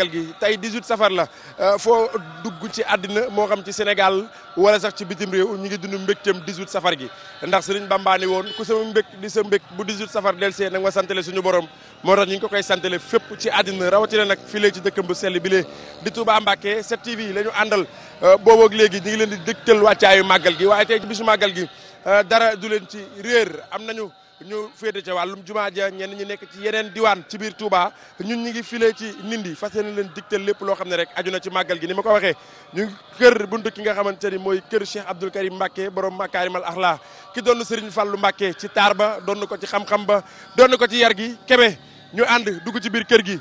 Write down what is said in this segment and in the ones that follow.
màggal gi tey 18 safar la euh, foo dugg ci àddina moo xam ci Sénégal wala sax ci bitim réew ñu ngi dund mbégteem 18 safar gi ndax sëriñ Bamba ni woon ku sama mbég di sa mbég bu 18 safar delsee nag ma santale suñu borom moo tax ñu ngi ko koy santale fépp ci àddina rawatina nag fii lee ci dëkkam bu sell bi lee di Touba Mbacké 7TV la ñu àndal euh, booboog léegi ñu ngi leen di dëgtal wàccaayu màggal gi waaye tey ci bisu màggal gi euh, dara du leen ci réer am nañu ñu féete ca wàllum jumaa ja ñenn ñu nekk ci yeneen diwaan ci biir Touba ñun ñu ngi file ci Ndindi fas yéene leen digtal lépp loo xam ne rek aju na ci màggal gi ni ma ko waxee ñu ngi kër buntu ki nga xamante ni mooy kër Cheikh Abdoul Karim Mbacke borom makaarimal axlaa ki doon Serigne Fallou Mbacke ci taar ba doon ko ci xam-xam ba doon ko ci yar gi kebe ñu ànd dugg ci biir kër gi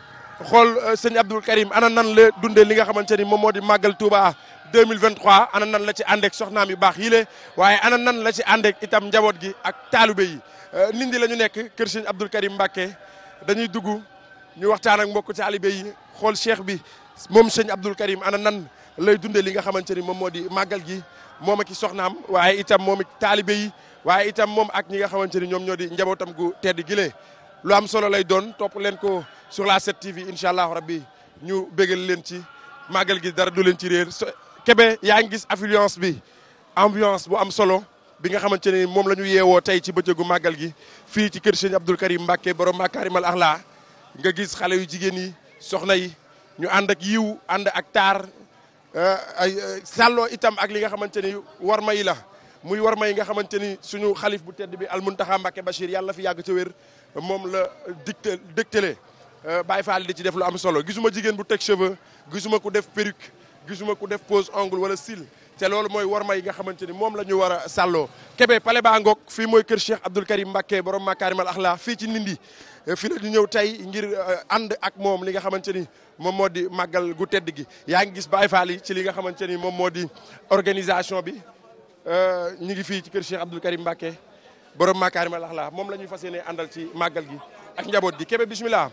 xool euh, sëñ Abdoul Karim ana nan la dundee li nga xamante ni moom moo di màggal Touba 2023 ana nan la ci àndeek soxnaam yu baax yi le waaye ana nan la ci àndeek itam njaboot gi ak taalibe yi Euh, nindi la ñu nekk kër sëñ Abdou Karim Mbacké dañuy dugg ñu waxtaan ak mbokk taalibe yi xool cheikh bi moom sëñ Abdou Karim ana nan lay dundee li nga xamante ni moom moo di màggal gi moom ak i soxnaam waaye itam moom ak taalibe yi waaye itam moom ak ñi nga xamante ni ñoom ñoo di njabootam gu tedd gilee lu am solo lay doon topp leen ko sur la 7 TV incha allah rabbi ñu bégal leen ci màggal gi dara du leen ci réer kebe yaa ngi gis affluence bi ambiance bu am solo. bi nga xamante ne moom la ñu yeewoo tey ci bëccëgu màggal gi fii ci kër Serigne Abdoul Karim Mbacké borom Makarimal Akhlah nga gis xale yu jigéen yi soxna yi ñu ànd ak yiw ànd ak taar eh, ay eh, sàlloo itam ak li nga xamante ni war ma yi la muy war ma yi nga xamante ni suñu xalif bu tedd bi almuntaxa Mbacké Bachir yàlla fi yàgg ca wér moom la digte dégtale eh, Baye Fall di ci def lu am solo gisuma jigéen bu teg cheveux gisuma ku def perruque gisuma ku def pose ongle wala cils te loolu mooy warma yi nga xamante ni moom la ñu war a sàlloo Kébé pale baa ngoog fii mooy kër Cheikh Abdoul Karim Mbacké borom makaarimal axlaa fii ci Ndindy eh, fi la ñëw tey ngir eh, ànd ak moom li nga xamante ni moom moo di màggal gu tedd gi yaa ngi gis Baay faa yi ci li nga xamante ni moom moo di organisation bi eh, ñu ngi fii ci kër Cheikh Abdoul Karim Mbacké borom makaarimal axlaa moom la ñuy fas yéene àndal ci màggal gi ak njaboot gi Kébé bismillah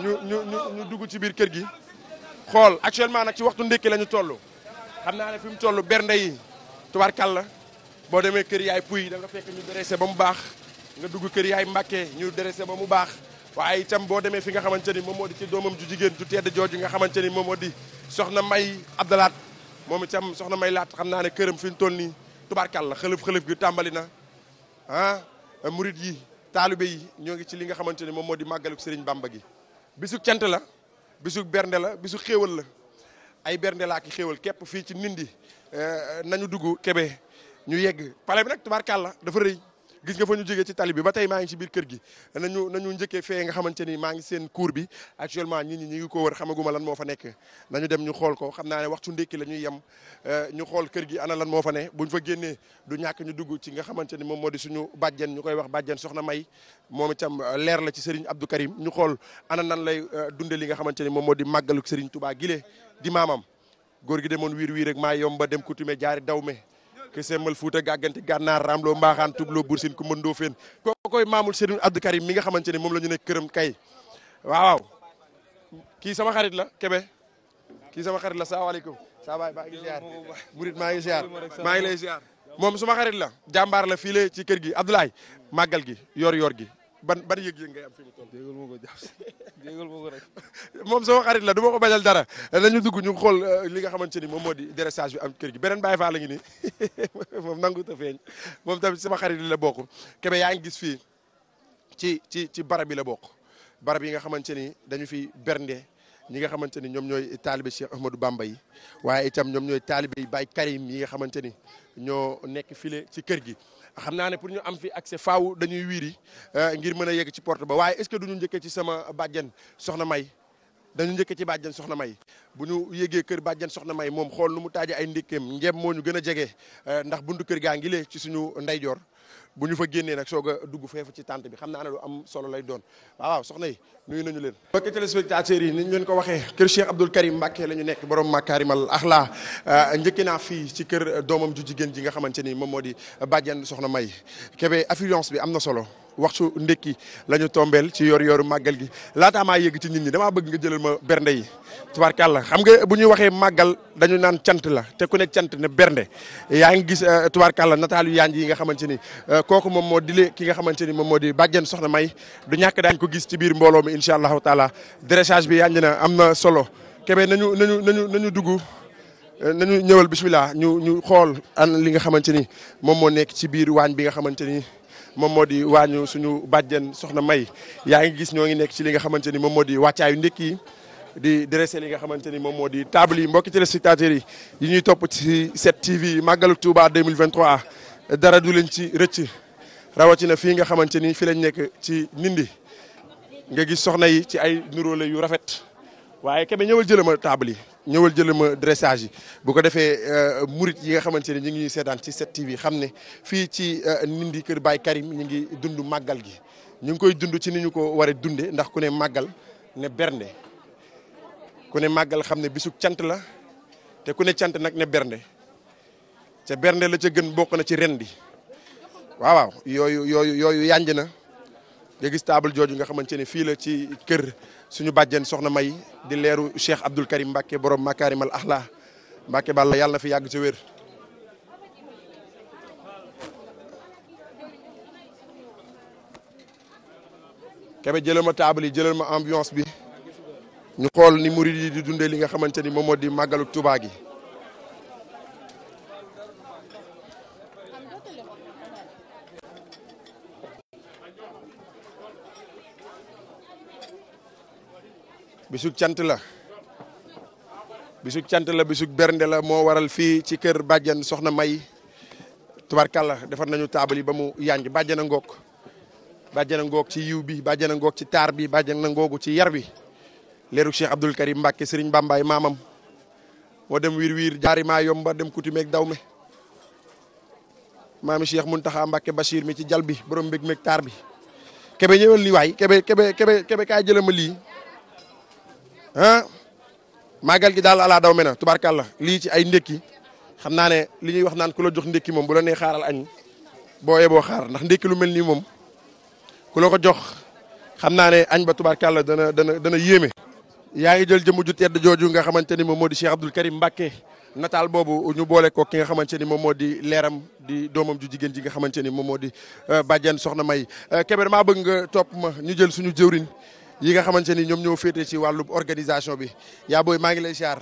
ñu ñu ñu dugg ci biir kër gi xool actuellement nag ci waxtu ndékki la ñu toll xam naa ne fi mu toll bernde yi la boo demee kër yaay puy da nga fekk ñu dressé ba mu baax nga dugg kër yaay mbàkkee ñu dressé ba mu baax waaye itam boo demee fi nga xamante ni moom moo di ci doomam ju jigéen ju tedd jooju nga xamante ni moom moo di soxna may abdalaat moom itam soxna may laat xam naa ne këram fi mu toll nii tubaarkàlla xëlëf-xëlëf gi tàmbali na ah murit yi taalibe yi ñoo ngi ci li nga xamante ni moom moo di màggaluk sëriñ bàmba gi bisu cant la bisu bernde la bisu xéewal la ay bernde laa ki xéewal képp fii ci Ndindy eh, nañu dugg kebe ñu yegg pale bi nag tubaarkàlla dafa rëy gis nga fa ñu jógee ci tali bi ba tey maa ngi ci biir kër gi nañu nañu njëkkee fee nga xamante ni maa ngi seen cour bi actuellement nit ñi ñi ngi ko wër xamaguma lan moo fa nekk nañu dem ñu xool ko xam naa ne waxtu ndékki la ñuy yem euh, ñu xool kër gi ana lan moo fa ne buñ fa génnee du ñàkk ñu dugg ci nga xamante ni moom moo di suñu bàjjen ñu koy wax bàjjen soxna May moom itam euh, leer la ci Serigne Abdou Karim ñu xool ana nan lay euh, dunde li nga xamante ni moom moo di màggalu Serigne Touba gile di maamam góor gi demoon wiir wiir rek maa yomba dem coutume jaari daw me ke semal Fuuta gàgganti gànnaar Ramloo Mbaaxaan Tubloo Bursin Kumba Ndóofeen kookoy maamul Serigne Abdou Karim mi nga xamante ne moom la ñu nekk këram kay waaw kii sama xarit la Kébé kii sama xarit la salaamaaleykum saa baay maa ngi ziar murit maa ngi ziar ngi lay ziar moom suma xarit la jàmbaar la fii la ci kër gi Abdoulaye màggal gi yoor yoor gi ban ban yëg-yëg ngay am fi mu toll. jégal ma rek. moom soo xarit la du ma ko bañal dara nañu dugg ñu xool euh, li nga xamante ni moom moo di dressage bi am kër gi beneen Baye Fall la ni moom nangu ta feeñ moom tamit sama xarit la bokk Kébé yaa ngi gis fii ci ci ci barab yi la bokk barab yi nga xamante ni dañu fi bernde ñi nga xamante ni ñoom ñooy si Cheikh du Bamba yi waaye itam ñoom ñooy taalibe Baye Karim yi nga xamante ni ñoo nekk file ci kër gi xam naa ne pour ñu am fi accès faaw dañuy wiiri euh, ngir mën a yegg ci porte ba waaye est-ce que duñu njëkkee ci sama bàjjen soxna May dañu njëkkee ci bàjjen soxna May bu ñu yéegee kër bàjjen soxna May moom xool nu mu taaje ay ndékkeem njeem moo ñu gën a jege euh, ndax buntu kër gaa ngi lee ci suñu ndeyjoor bu ñu fa génnee nag soog a dugg feefu ci tànt bi xam naa ne lu am solo lay doon waaw soxna yi nuyu nañu leen mbokki téléspectateurs yi ni ñu leen ko waxee kër Cheikh Abdoul Karim Mbacké la ñu ma borom makaarimal axlaa euh, njëkkee naa fii ci kër doomam ju jigéen ji nga xamante ni moom moo di bàjjan soxna May Kébé affluence bi am na solo waxtu ndékki la ñu tombeel ci yor yoru màggal gi laataa maa yëgg ci nit ñi damaa bëgg nga jëlal ma bernde yi tubaarkàlla xam nga bu ñuy waxee màggal dañu naan cant la te ku ne cant ne bernde yaa ngi gis euh, tubaarkàlla nataalu yaan yi nga xamante ni euh, kooku moom moo dile ki nga xamante ni moom moo di bàjjen soxna may du ñàkk daañ ko gis ci biir mbooloo mi incha allahu taala dressage bi yànj na am na solo kebe nañu nañu nañu nañu dugg euh, ñëwal bismillah ñu ñu xool an li nga xamante ni moom moo nekk ci biir waañ bi nga xamante ni moom moo di waañu suñu bàjjen soxna May yaa ngi gis ñoo ngi nekk ci li nga xamante ni moom moo di wàccaayu ndékki yi di dressé li nga xamante ni moom moo di table yi mbokki téléspectateurs yi yi ñuy topp ci 7TV màggalu Touba 2023 dara du leen ci rëcc rawatina fii nga xamante ni fi lañ nekk ci Ndindi nga gis soxna yi ci ay nuróole yu rafet waaye kebe ñëwal jëlama table yi ñëwal jëlee ma dressage yi bu ko defee euh, murit yi nga xamante ne ñu ngi ñuy ci 7TV xam ne fii ci euh, Ndindy kër Baye Karim ñu ngi dundu màggal gi ñu ngi koy dund ci ni ñu ko waree a dunde ndax ku ne màggal ne bernde ku ne màggal xam ne bisug cant la te ku ne cant nag ne bernde ca bernde la ca gën bokk na ci ren bi waaw yooyu yooyu yooyu yànj na nga gis table jooju nga xamante ne fii la ci kër suñu bàjjen soxna May di leeru Cheikh Abdoul Karim Mbacke borom Makarimal Axla Mbacke Balla yàlla na fi yàgg ci wér. kebe jëlal ma table yi jëlal ma ambiance bi ñu xool ni murid yi di dundee li nga xamante ni moom moo di màggalu Touba gi. bisu cant la bisu cant la bisu bernde la moo waral fii ci kër bàjjan soxna May tubarkalla defar nañu taabal yi ba mu yànj bàjjan a ngoog bàjjan a ngoog ci yiw bi bàjjan a ngoog ci taar bi bàjjan a ngoogu ci yar bi leeru Cheikh Abdoul Karim Mbacke Serigne Bambaay maamam moo dem wiir wiir jaari yomba dem kuti meeg daw me maami Cheikh Muntaxa Mbacke Bachir mi ci jal bi borom mbég meeg taar bi kebe ñëwal li waay kebe kebe kebe kebe kaay lii ah màggal gi daal alaa daw me na tubaarkàlla lii ci ay ndékki xam naa ne li ñuy wax naan ku la jox ndékki moom bu la nee xaaral añ boo yeboo xaar ndax ndékki lu mel nii moom ku la ko jox xam naa ne añ ba tubaarkàlla dana dana dana yéeme. yaa ngi jël jëmm ju tedd jooju nga xamante ni moom moo di Cheikh Abdoul Karim Mbacké nataal boobu ñu boole ko ki nga xamante ni moom moo di leeram di doomam ju jigéen ji nga xamante ni moom moo di euh, bàjjen soxna May euh, Kébér bëgg nga topp ma ñu jël suñu jëwriñ yi nga xamante ni ñoom ñoo féete ci wàllu organisation bi yaa booy maa ngi lay ziar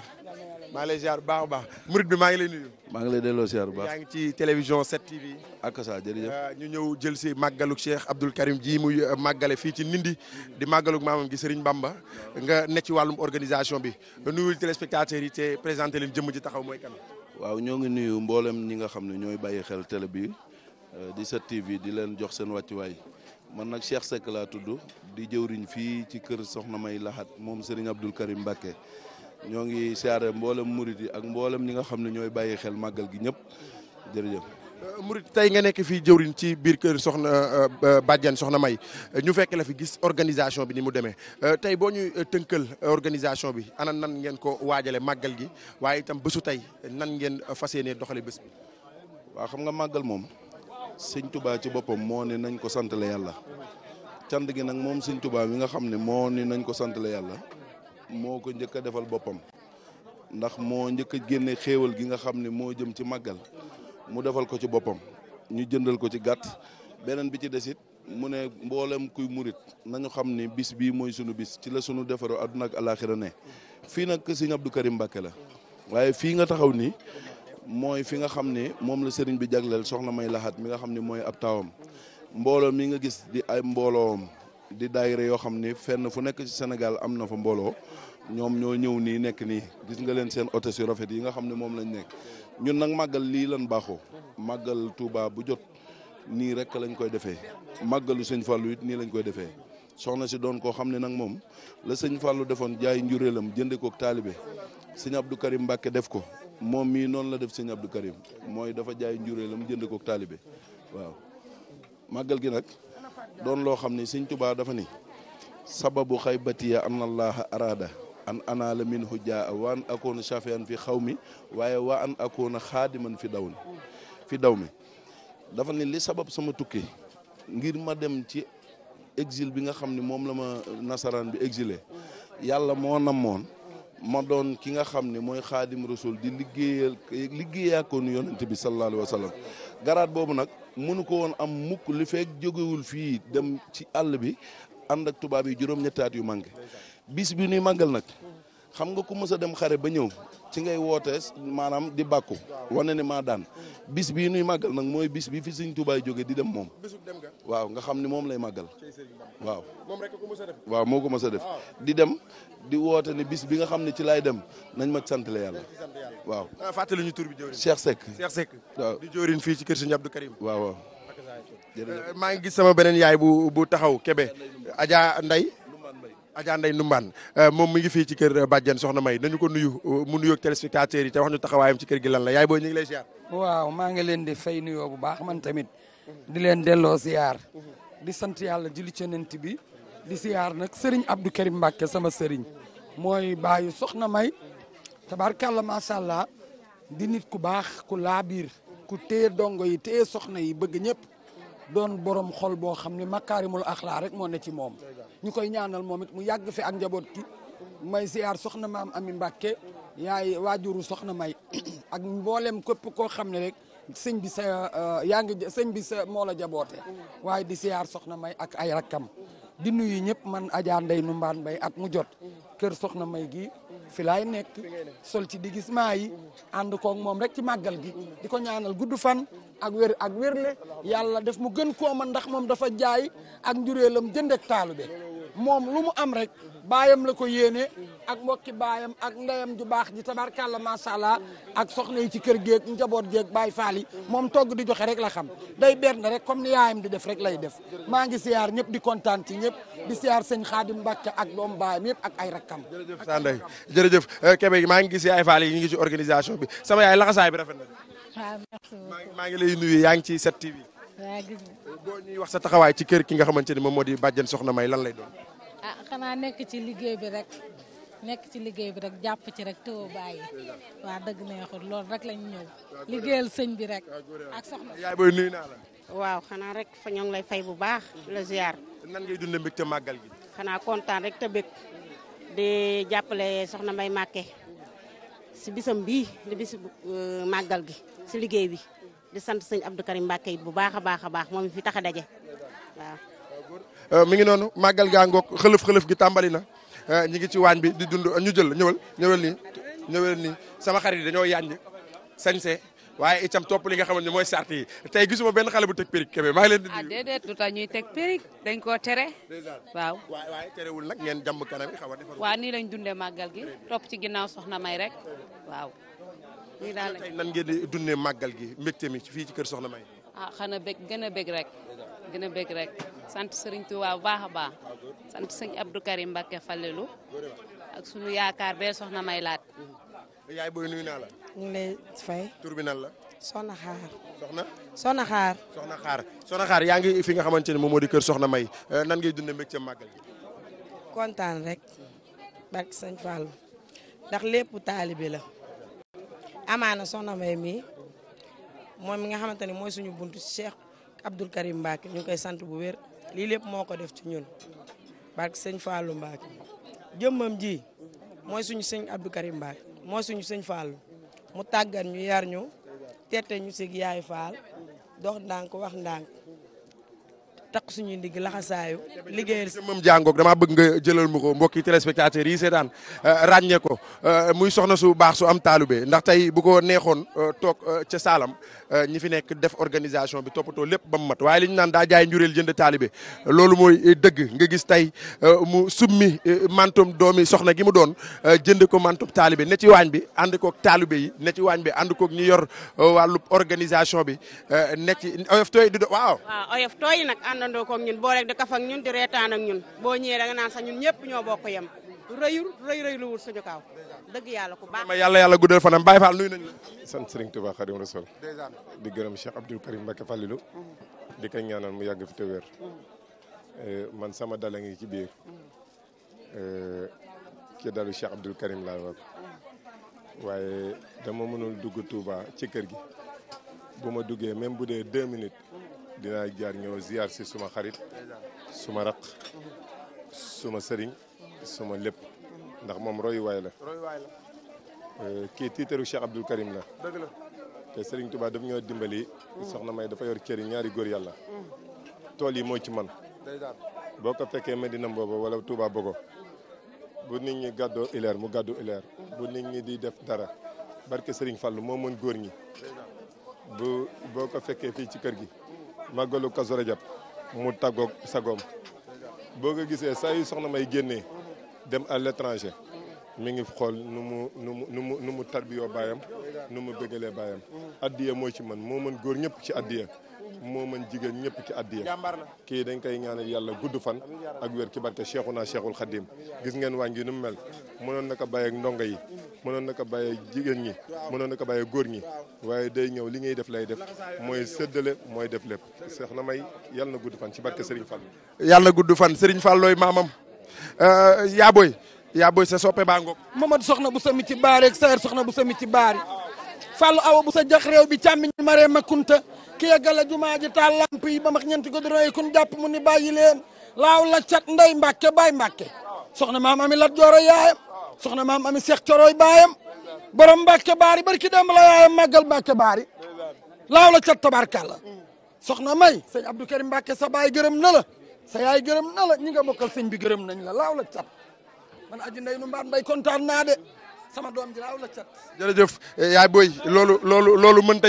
maa lay ziar bu baax bi maa ngi lay nuyu. maa ngi lay delloo ziar bu baax yaa ngi ci télévision 7TV. ak sa jërëjëf euh, ñu ñëw jël si màggaluk Cheikh Abdoul Karim ji muy euh, màggale fii ci Ndindi di màggaluk maamam gi Serigne mbamba nga nekk ci wàllum organisation bi nuyul téléspectateurs yi te présenté leen jëmm ji taxaw mooy kan. waaw ñoo ngi nuyu mboolem ñi nga xam ne ñooy bàyyi xel tele bi euh, di 7TV di leen jox seen wàccuwaay. man nag Cheikh Seck laa tudd di jëwriñ fii ci kër Soxna May laxaat moom Serigne Abdou Karim Mbacké ñoo ngi siyaare mboolem murit yi ak mboolem ñi nga xam ne ñooy bàyyi xel màggal gi ñëpp jërëjëf. Euh, murit tey nga nekk fii jëwriñ ci biir kër Soxna euh, euh, Badiane Soxna May ñu fekk la fi gis organisation bi ni mu demee tey boo ñuy tënkal organisation bi ana nan ngeen ko waajale màggal gi waaye itam bésu tey nan ngeen fas yéenee doxale bés bi. waa xam nga màggal moom. siñ tubaa ci boppam moo ne nañ ko santale yàlla cant gi nag moom sëñ tubaa mi nga xam ne moo ne nañ ko santale yàlla moo ko njëkk a defal boppam ndax moo njëkk a génne xéewal gi nga xam ne moo jëm ci màggal mu defal ko ci boppam ñu jëndal ko ci gàtt beneen bi ci desit mu ne mboolem kuy murit nañu xam ni bis bii mooy sunu bis ci la sunu defaru àdduna ak alaaxira ne fii nag sëñ Abdou Karim Mbàkke la waaye fii nga taxaw ni mooy fi nga xam ne moom la sëriñ bi jagleel soxna may laxaat mi nga xam ne mooy ab taawam mbooloo mi nga gis di ay mbooloom di daayira yoo xam ni fenn fu nekk si senegal am na fa mbooloo ñoom ñoo ñëw nii nekk nii gis nga leen seen oto si rafet yi nga xam ne moom lañ nekk ñun nag màggal lii lan baaxoo màggal Touba bu jot nii rek lañ koy defee màggalu sëñ Fallou it nii lañ koy defee soxna si doon koo xam ne nag moom la sëñ Fallou defoon jaay njuréelam jëndee koog taalibe sëñ du Karim Mbacke def ko moom mii noonu la def si Abdou Karim mooy dafa jaay njuréelam jënd ko taalibe waaw màggal gi nag doon loo xam ni sëñ Tuubaa dafa ni sababu xaybatiya an allaha arada an anaala minhu jaa wa an akoona shafian fi xaw mi waaye wa an akoona xaadiman fi daw fi mi dafa ni li sabab sama tukki ngir ma dem ci exil bi nga xam ni moom la ma nasaraan bi exilé yàlla moo namoon ma doon ki nga xam ne mooy xaadim rasul di liggéeyal liggéeyaakoon yonent bi sallallahu alayhi wa sallam garaat boobu nag mënu ko woon am mukk li fekk jogewul fii dem ci àll bi ànd ak tubaab yi juróom-ñettaat yu manqué bis bi ñuy màggal nag xam nga ku mës a dem xare ba ñëw ci ngay woote maanaam di bàkku wane ne maa daan bis bii nuy màggal nag mooy bis bi fi Sëriñ Tuubaa jóge di dem moom waaw nga xam ni moom lay màggal waaw waaw moo ko mës def di dem di woote ne bis bi nga xam ne ci laay dem nañ ma sant la yàlla waaw ah, fàttali ñu tur bi jëwriñ Cheikh Seck Cheikh Seck waaw di jëwriñ fii ci kër Sëriñ Abdou Karim waaw waaw eh, maa ngi gis sama beneen yaay bu bu taxaw kebe ajaa Ndeye Adja Ndeye Ndoumbane euh, moom mi ngi fii ci kër euh, Badiane Soxna May dañu ko nuyu euh, mu nuyoog téléspectateurs yi te wax ñu taxawaayam ci kër gi lan la yaay booy ñu ngi lay waaw maa nga leen di fay nuyoo bu baax man tamit di leen delloo ziar mhm. di sant yàlla julli ci Yonent bi di ziar nag Serigne Abdou Karim Mbacke sama Serigne mooy baayu Soxna May tabarkàlla macha allah di nit ku baax ku laabiir ku téye dongo yi téye soxna yi bëgg ñëpp. doon borom xol boo xam ne makaarimul axlaa rek moo ne ci moom ñu koy ñaanal moom it mu yàgg fi ak njaboot ki may ziar soxna maam ami Mbàkke yaay waajuru soxna may ak mboolem këpp koo xam ne rek sëñ bi sa euh, yaa ngi sëñ bi sa moo la waaye di siyaar soxna may ak ay rakkam di nuyu ñëpp man Adja nu Numbaane Mbaye ak mu jot kër soxna may gi fi laay nekk sol ci déguisement yi ànd koog moom rek ci màggal gi di ko ñaanal gudd fan ak wér ak wérle yàlla def mu gën koo man ndax moom dafa jaay ak njureelam jënd ak taalu be moom lu mu am rek baayam la ko yéene ak mbokki baayam ak ndeyam ju baax ji tabarkàlla macha allah ak soxna yi ci kër géeg njaboot géeg baay faal moom togg di joxe rek la xam day benn rek comme ni yaayam di def rek lay def maa ngi siyaar ñëpp di kontaan ci ñëpp di siyaar sëñ xaadim mbàkke ak doom baayam yëpp ak ay rakkam jërëjëf sanday jërëjëf eh, kebe maa ngi gis yaay yi ñu ngi ci organisation bi sama yaay laxasaay bi rafet na maa ngi lay nuyu yaa ngi ci 7TV boo ñuy wax sa taxawaay ci kër ki nga xamante ni moom moo di bàjjen soxna may lan lay doon xanaa nekk ci liggéey bi rek nekk ci liggéey bi rek jàpp ci rek tëw bàyyi waa dëgg neexul lool rek lañ ñëw liggéeyal sëñ bi rek ak soxna waaw xanaa rek fa ñoo lay fay bu baax la ziar nan ngay dundee mbégte màggal gi xanaa kontaan rek te bég di jàppale soxna May Màkke si bisam bii di bis euh, màggal gi si liggéey bi di sant sëñ Abdou Karim Mbacké it bu baax a baax a baax moom fi tax a daje waaw Euh, mi ngi noonu màggal gaa ngoog xëlëf xëlëf gi tàmbali na euh, ñi ngi ci waañ bi di dund ñu jël ñëwal ñëwal nii ñëwal nii sama xarit yi dañoo yànj sañse waaye itam topp li nga xamante ni mooy sart yi tey gisuma benn xale bu teg périg kebe maa leen di. lu ah, tax ñuy teg périg dañ koo tere. waaw waaye nag ngeen jàmm kanam xaw a defar. waaw nii lañ dundee màggal gi topp ci ginnaaw soxna May rek waaw. nii daal lañ tey nan ngeen di dundee màggal gi mbégte mi fii ci kër soxna May. ah xana bég gën a rek. gën a bég rek sant sëriñ Tuubaa bu baax a baax sant sëñ Abdou Karim Mbacke Fallelu ak sunu yaakaar bee soxna may laat. yaay booy nuyu naa la. ñu ngi lay fay. tur bi nan la. Soxna Xaar. Soxna. Soxna Xaar. Soxna Xaar yaa ngi fi nga xamante ne moom moo di kër Soxna May euh, nan ngay dundee mbégte màggal gi. kontaan rek. barke sëñ Fall ndax lépp taalibe la. amaana Soxna May mii moom mi nga xamante ne mooy suñu buntu Cheikh. Abdoul Karim Mbacke ñu ngi koy sant bu wér lii lépp moo ko def ci ñun barke sëñ Fallou Mbacke jëmmam ji mooy suñ sëñ Abdou Karim Mbacke mooy suñu sëñ Fallou mu tàggat ñu yar ñu tete ñu sig yaay Fall dox ndànk wax ndànk taq suñu ndig laxasaayu liggéeyal moom jàngoog damaa bëgg nga jëlal ma ko mbokki téléspectateurs yi seetaan euh, ràññee ko euh, muy soxna su baax su am taalube ndax tey bu ko neexoon euh, toog ca saalam ñi fi nekk def organisation bi toppatoo lépp ba mu mat waaye li ñu naan daa jaay njureel jënd taalibe loolu mooy dëgg nga gis tey mu summi mantum doomi soxna gi mu doon jënd ko mantum taalibe ne ci waañ bi ànd koog taalibe yi ne waañ bi ànd kook ñu yor wàllu organisation bi ne àndandoo koog ñun boo rek di kaf ak ñun di reetaan ak ñun boo ñëwee da nga naan sax ñun ñëpp ñoo bokk yem rëyul rëy wul suñu kaaw dëgg yàlla ku baax. yàlla yàlla guddal fanam Baye Fall nuyu nañ la. sant Serigne Touba Khadim Rasoul di gërëm Cheikh Abdoul Karim Mbacké Fallilou mm-hmm. di ko ñaanal mu yàgg fi te wér mm-hmm. eh, man sama dala ngi ci biir mm-hmm. eh, ci dallu Cheikh Abdoul Karim laa waaye dama mënul dugg Touba ci kër gi bu ma duggee même bu dee deux minutes dinaa jaar ñëw ziar si suma xarit suma raq suma sëriñ suma lépp ndax moom royuwaay la euh, kii tiitaru Cheikh Abdoul Karim la dëgg la te Serigne Touba daf ñoo dimbali soxna may dafa yor cër ñaari góor yàlla tool yi moo ci man boo ko fekkee Medina boobu wala Touba Bogo bu nit ñi gàddoo ileer mu gàddu ileer bu nit ñi di def dara barke sëriñ fàll moo mën góor ñi bu boo ko fekkee fii ci kër gi màggalu Kazu Rajab mu tàggoog sagoom boo ko gisee saa yu soxna may génnee dem à l'étranger mu ngi xool nu mu nu mu nu mu nu mu tarbiyoo baayam nu mu bëggalee baayam addiya moo ci man moo mën góor ñëpp ci addiya moo mën jigéen ñëpp ci addiya kii dañ koy ñaanal yàlla gudd fan ak wér ci barke Cheikhuna Cheikhul Khadim gis ngeen waañ gi nu mu mel mënoon na ko bàyyee ak ndongo yi mënoon na ko bàyyee jigéen ñi mënoon na ko bàyyee góor ñi waaye day ñëw li ngay def lay def mooy séddale mooy def le seex na may yàlla na gudd fan ci barke Serigne Fall. yàlla na gudd fan Serigne Fall looy maamam euh, yaa booy yaa booy sa soppe baa ngoog Mamadou soxna bu sami ci baari ak saer soxna bu sami ci baari Fallou Awa bu ki yeggale jumaa ji taal lamp yi ba max ñeenti goudron yi kun jàpp mu ni bàyyi leen laaw la cat nday mbàkke bay mbàkke soxna maam ami lat jooro yaayam soxna maam ami seex coroy baayam borom mbàkke baari barki demb la yaayam màggal mbàkke baari laaw la cat tabarkàlla soxna may sëñ abdou karim mbàkke sa baay gërëm na la sa yaay gërëm na ñi nga bokkal sëñ bi gërëm nañ la laaw la cat man aji nday nu mbaat mbay kontaan naa de sama doom ji laaw la cat jërëjëf yaay boy loolu loolu loolu mënta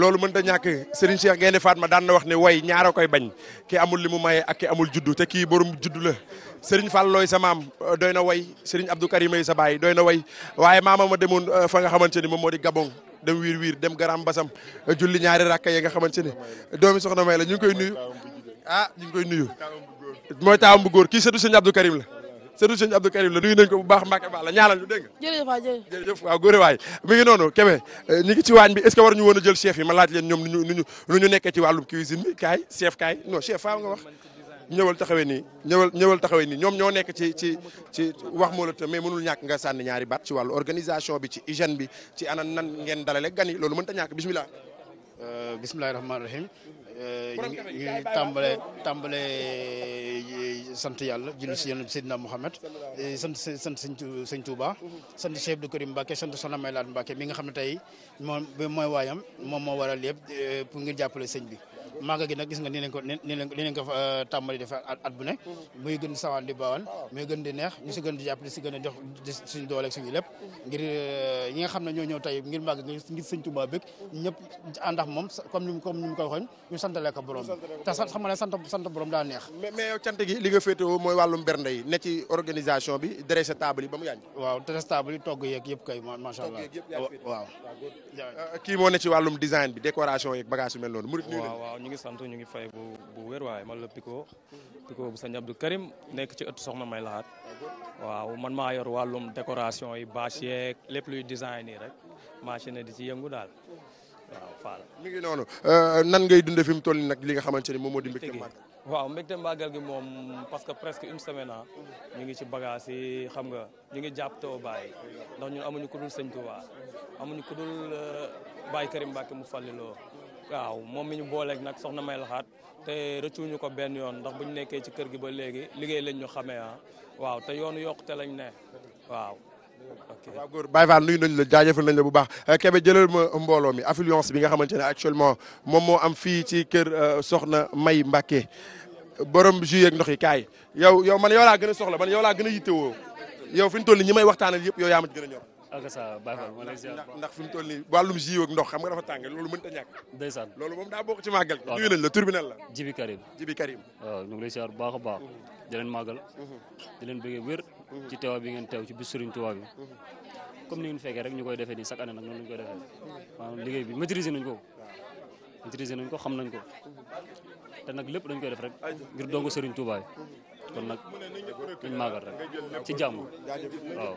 loolu mënta ñàkk Serigne Cheikh Gaynde ma daan na wax ne way ñaara koy bañ ki amul li mu maye ak ki amul juddu te kii borom juddu la Serigne Fall looy sa maam euh, doy na way Serigne Abdou Karim ay sa baay dooy na way waaye maama ma demoon euh, fa nga xamante ni moom moo di Gabon dem wiir wiir dem garam basam julli ñaari rakka yi nga xamante ne doomi soxna may la ñu ngi koy nuyu ah ñu ngi koy nuyu mooy taawam bu góor kii sëtu Serigne Abdou Karim la sëriñ sëñ Abdou Karim la nuyu nañ ko bu baax Mbacke Ba la ñaanal ñu dégg nga. jërëjëf waay jërëjëf jërëjëf waaw góore waay mi ngi noonu euh, ñi ngi ci waañ bi est ce que war ñu woon jël chef yi ma laaj leen ñoom nu ñu nu ñu nekkee ci wàllum cuisine bi kaay chef kaay non chef faaw ñëwal nii ñëwal taxawee nii ñoom ñoo nekk ci ci ci wax moo la mais mënul ñàkk nga sànni ñaari baat ci wàllu organisation bi ci hygiène bi ci ana nan ngeen dalale gan yi loolu mën ta ñàkk bismillah euh, bismillahi rahmaani rahim Euh, ñu ngi tàmbale tàmbale euh, sant yàlla julli si yonent Seydina Mouhamed euh, sant sant sëñ sëñ Touba mhm. sant Cheikh Abdou Karim Mbacke sant Soxna May Laat Mbacke mi nga xam ne tey moom mooy waayam moom moo waral yëpp pour ngir jàppale sëñ bi màggal gi nag gis nga ni leen ko ni leen ni leen ko euh, tàmbali defee at bu ne mm. muy gën di sawaan di bawaan muy gën di neex ñu si gën di jàpp di si gën a jox suñu dooleeg suñu lépp mm. ngir euh, ñi nga xam ne ñoo ñëw tey ngir màgg ngir sëñ Tuubaa bëgg mm. ñëpp ànd ak moom comme ni neex mais yow cant gi li nga féetewoo mooy wàllum bernde yi organisation bi dressé table yi ba mu yàñ waaw dressé table yi togg yeeg yëpp kay macha allah waaw euh, kii ci wàllum design bi décoration yeeg bagage mel noonu ñu ngi sant ñu ngi fay bu bu wér waaye man la Pico Pico bu sëñ Abdou Karim nekk ci ëtt soxna may laxaat waaw man maa yor wàllum décoration yi baas yeeg lépp luy design yi rek machine di ci yëngu daal waaw Fall. Euh, nan ngay dundee fi mu toll nii nag li nga xamante ni moom moo di mbégte màggal waaw mbégte gi moom parce que presque une semaine ah ñu ngi ci bagage yi xam nga ñu ngi jàpp taw bàyyi ndax ñun amuñu ku dul sëñ Touba amuñu ku dul euh, Baye Karim Mbacke mu fàlliloo waaw moom mi ñu booleeg nag soxna may laxaat te rëccuñu ko benn yoon ndax bu ñu nekkee ci kër gi ba léegi liggéey lañ ñu xamee ah waaw te yoonu yokkute lañ ne waaw. ok waaw góor Baye Fall nañ la jaajëfal nañ la bu baax euh, kebe jëlal ma mbooloo mi affluence bi nga xamante ne actuellement moom moo am fii ci kër euh, soxna May Mbacké borom jus yeeg ndox yi kaay yow yow man yow laa gën a soxla man yow gën a yittewoo yow fi ñu toll nii ñi may waxtaanal yëpp yow yaa gën a ñor. akasa bàyyi fa ma lay ziar xam nga dafa tànge loolu mënta ñàkk ndeysaan loolu moom daa bokk ci màggal gi nuyu nañ bi nan la Jibi Karim Jibi baax baax mhm. di leen màggal mhm. di wér mhm. ci teewaay bi ngeen teew ci bis Serigne Touba bi comme ni ngeen fekkee rek ñu koy defee nii chaque année nag noonu lañu koy defee maanaam liggéey bi maîtriser nañ ko maîtriser nañ ko xam nañ ko te nag lépp dañ koy def rek ngir dongo Serigne Touba yi kon nag dañ màggal rek ci jàmm waaw.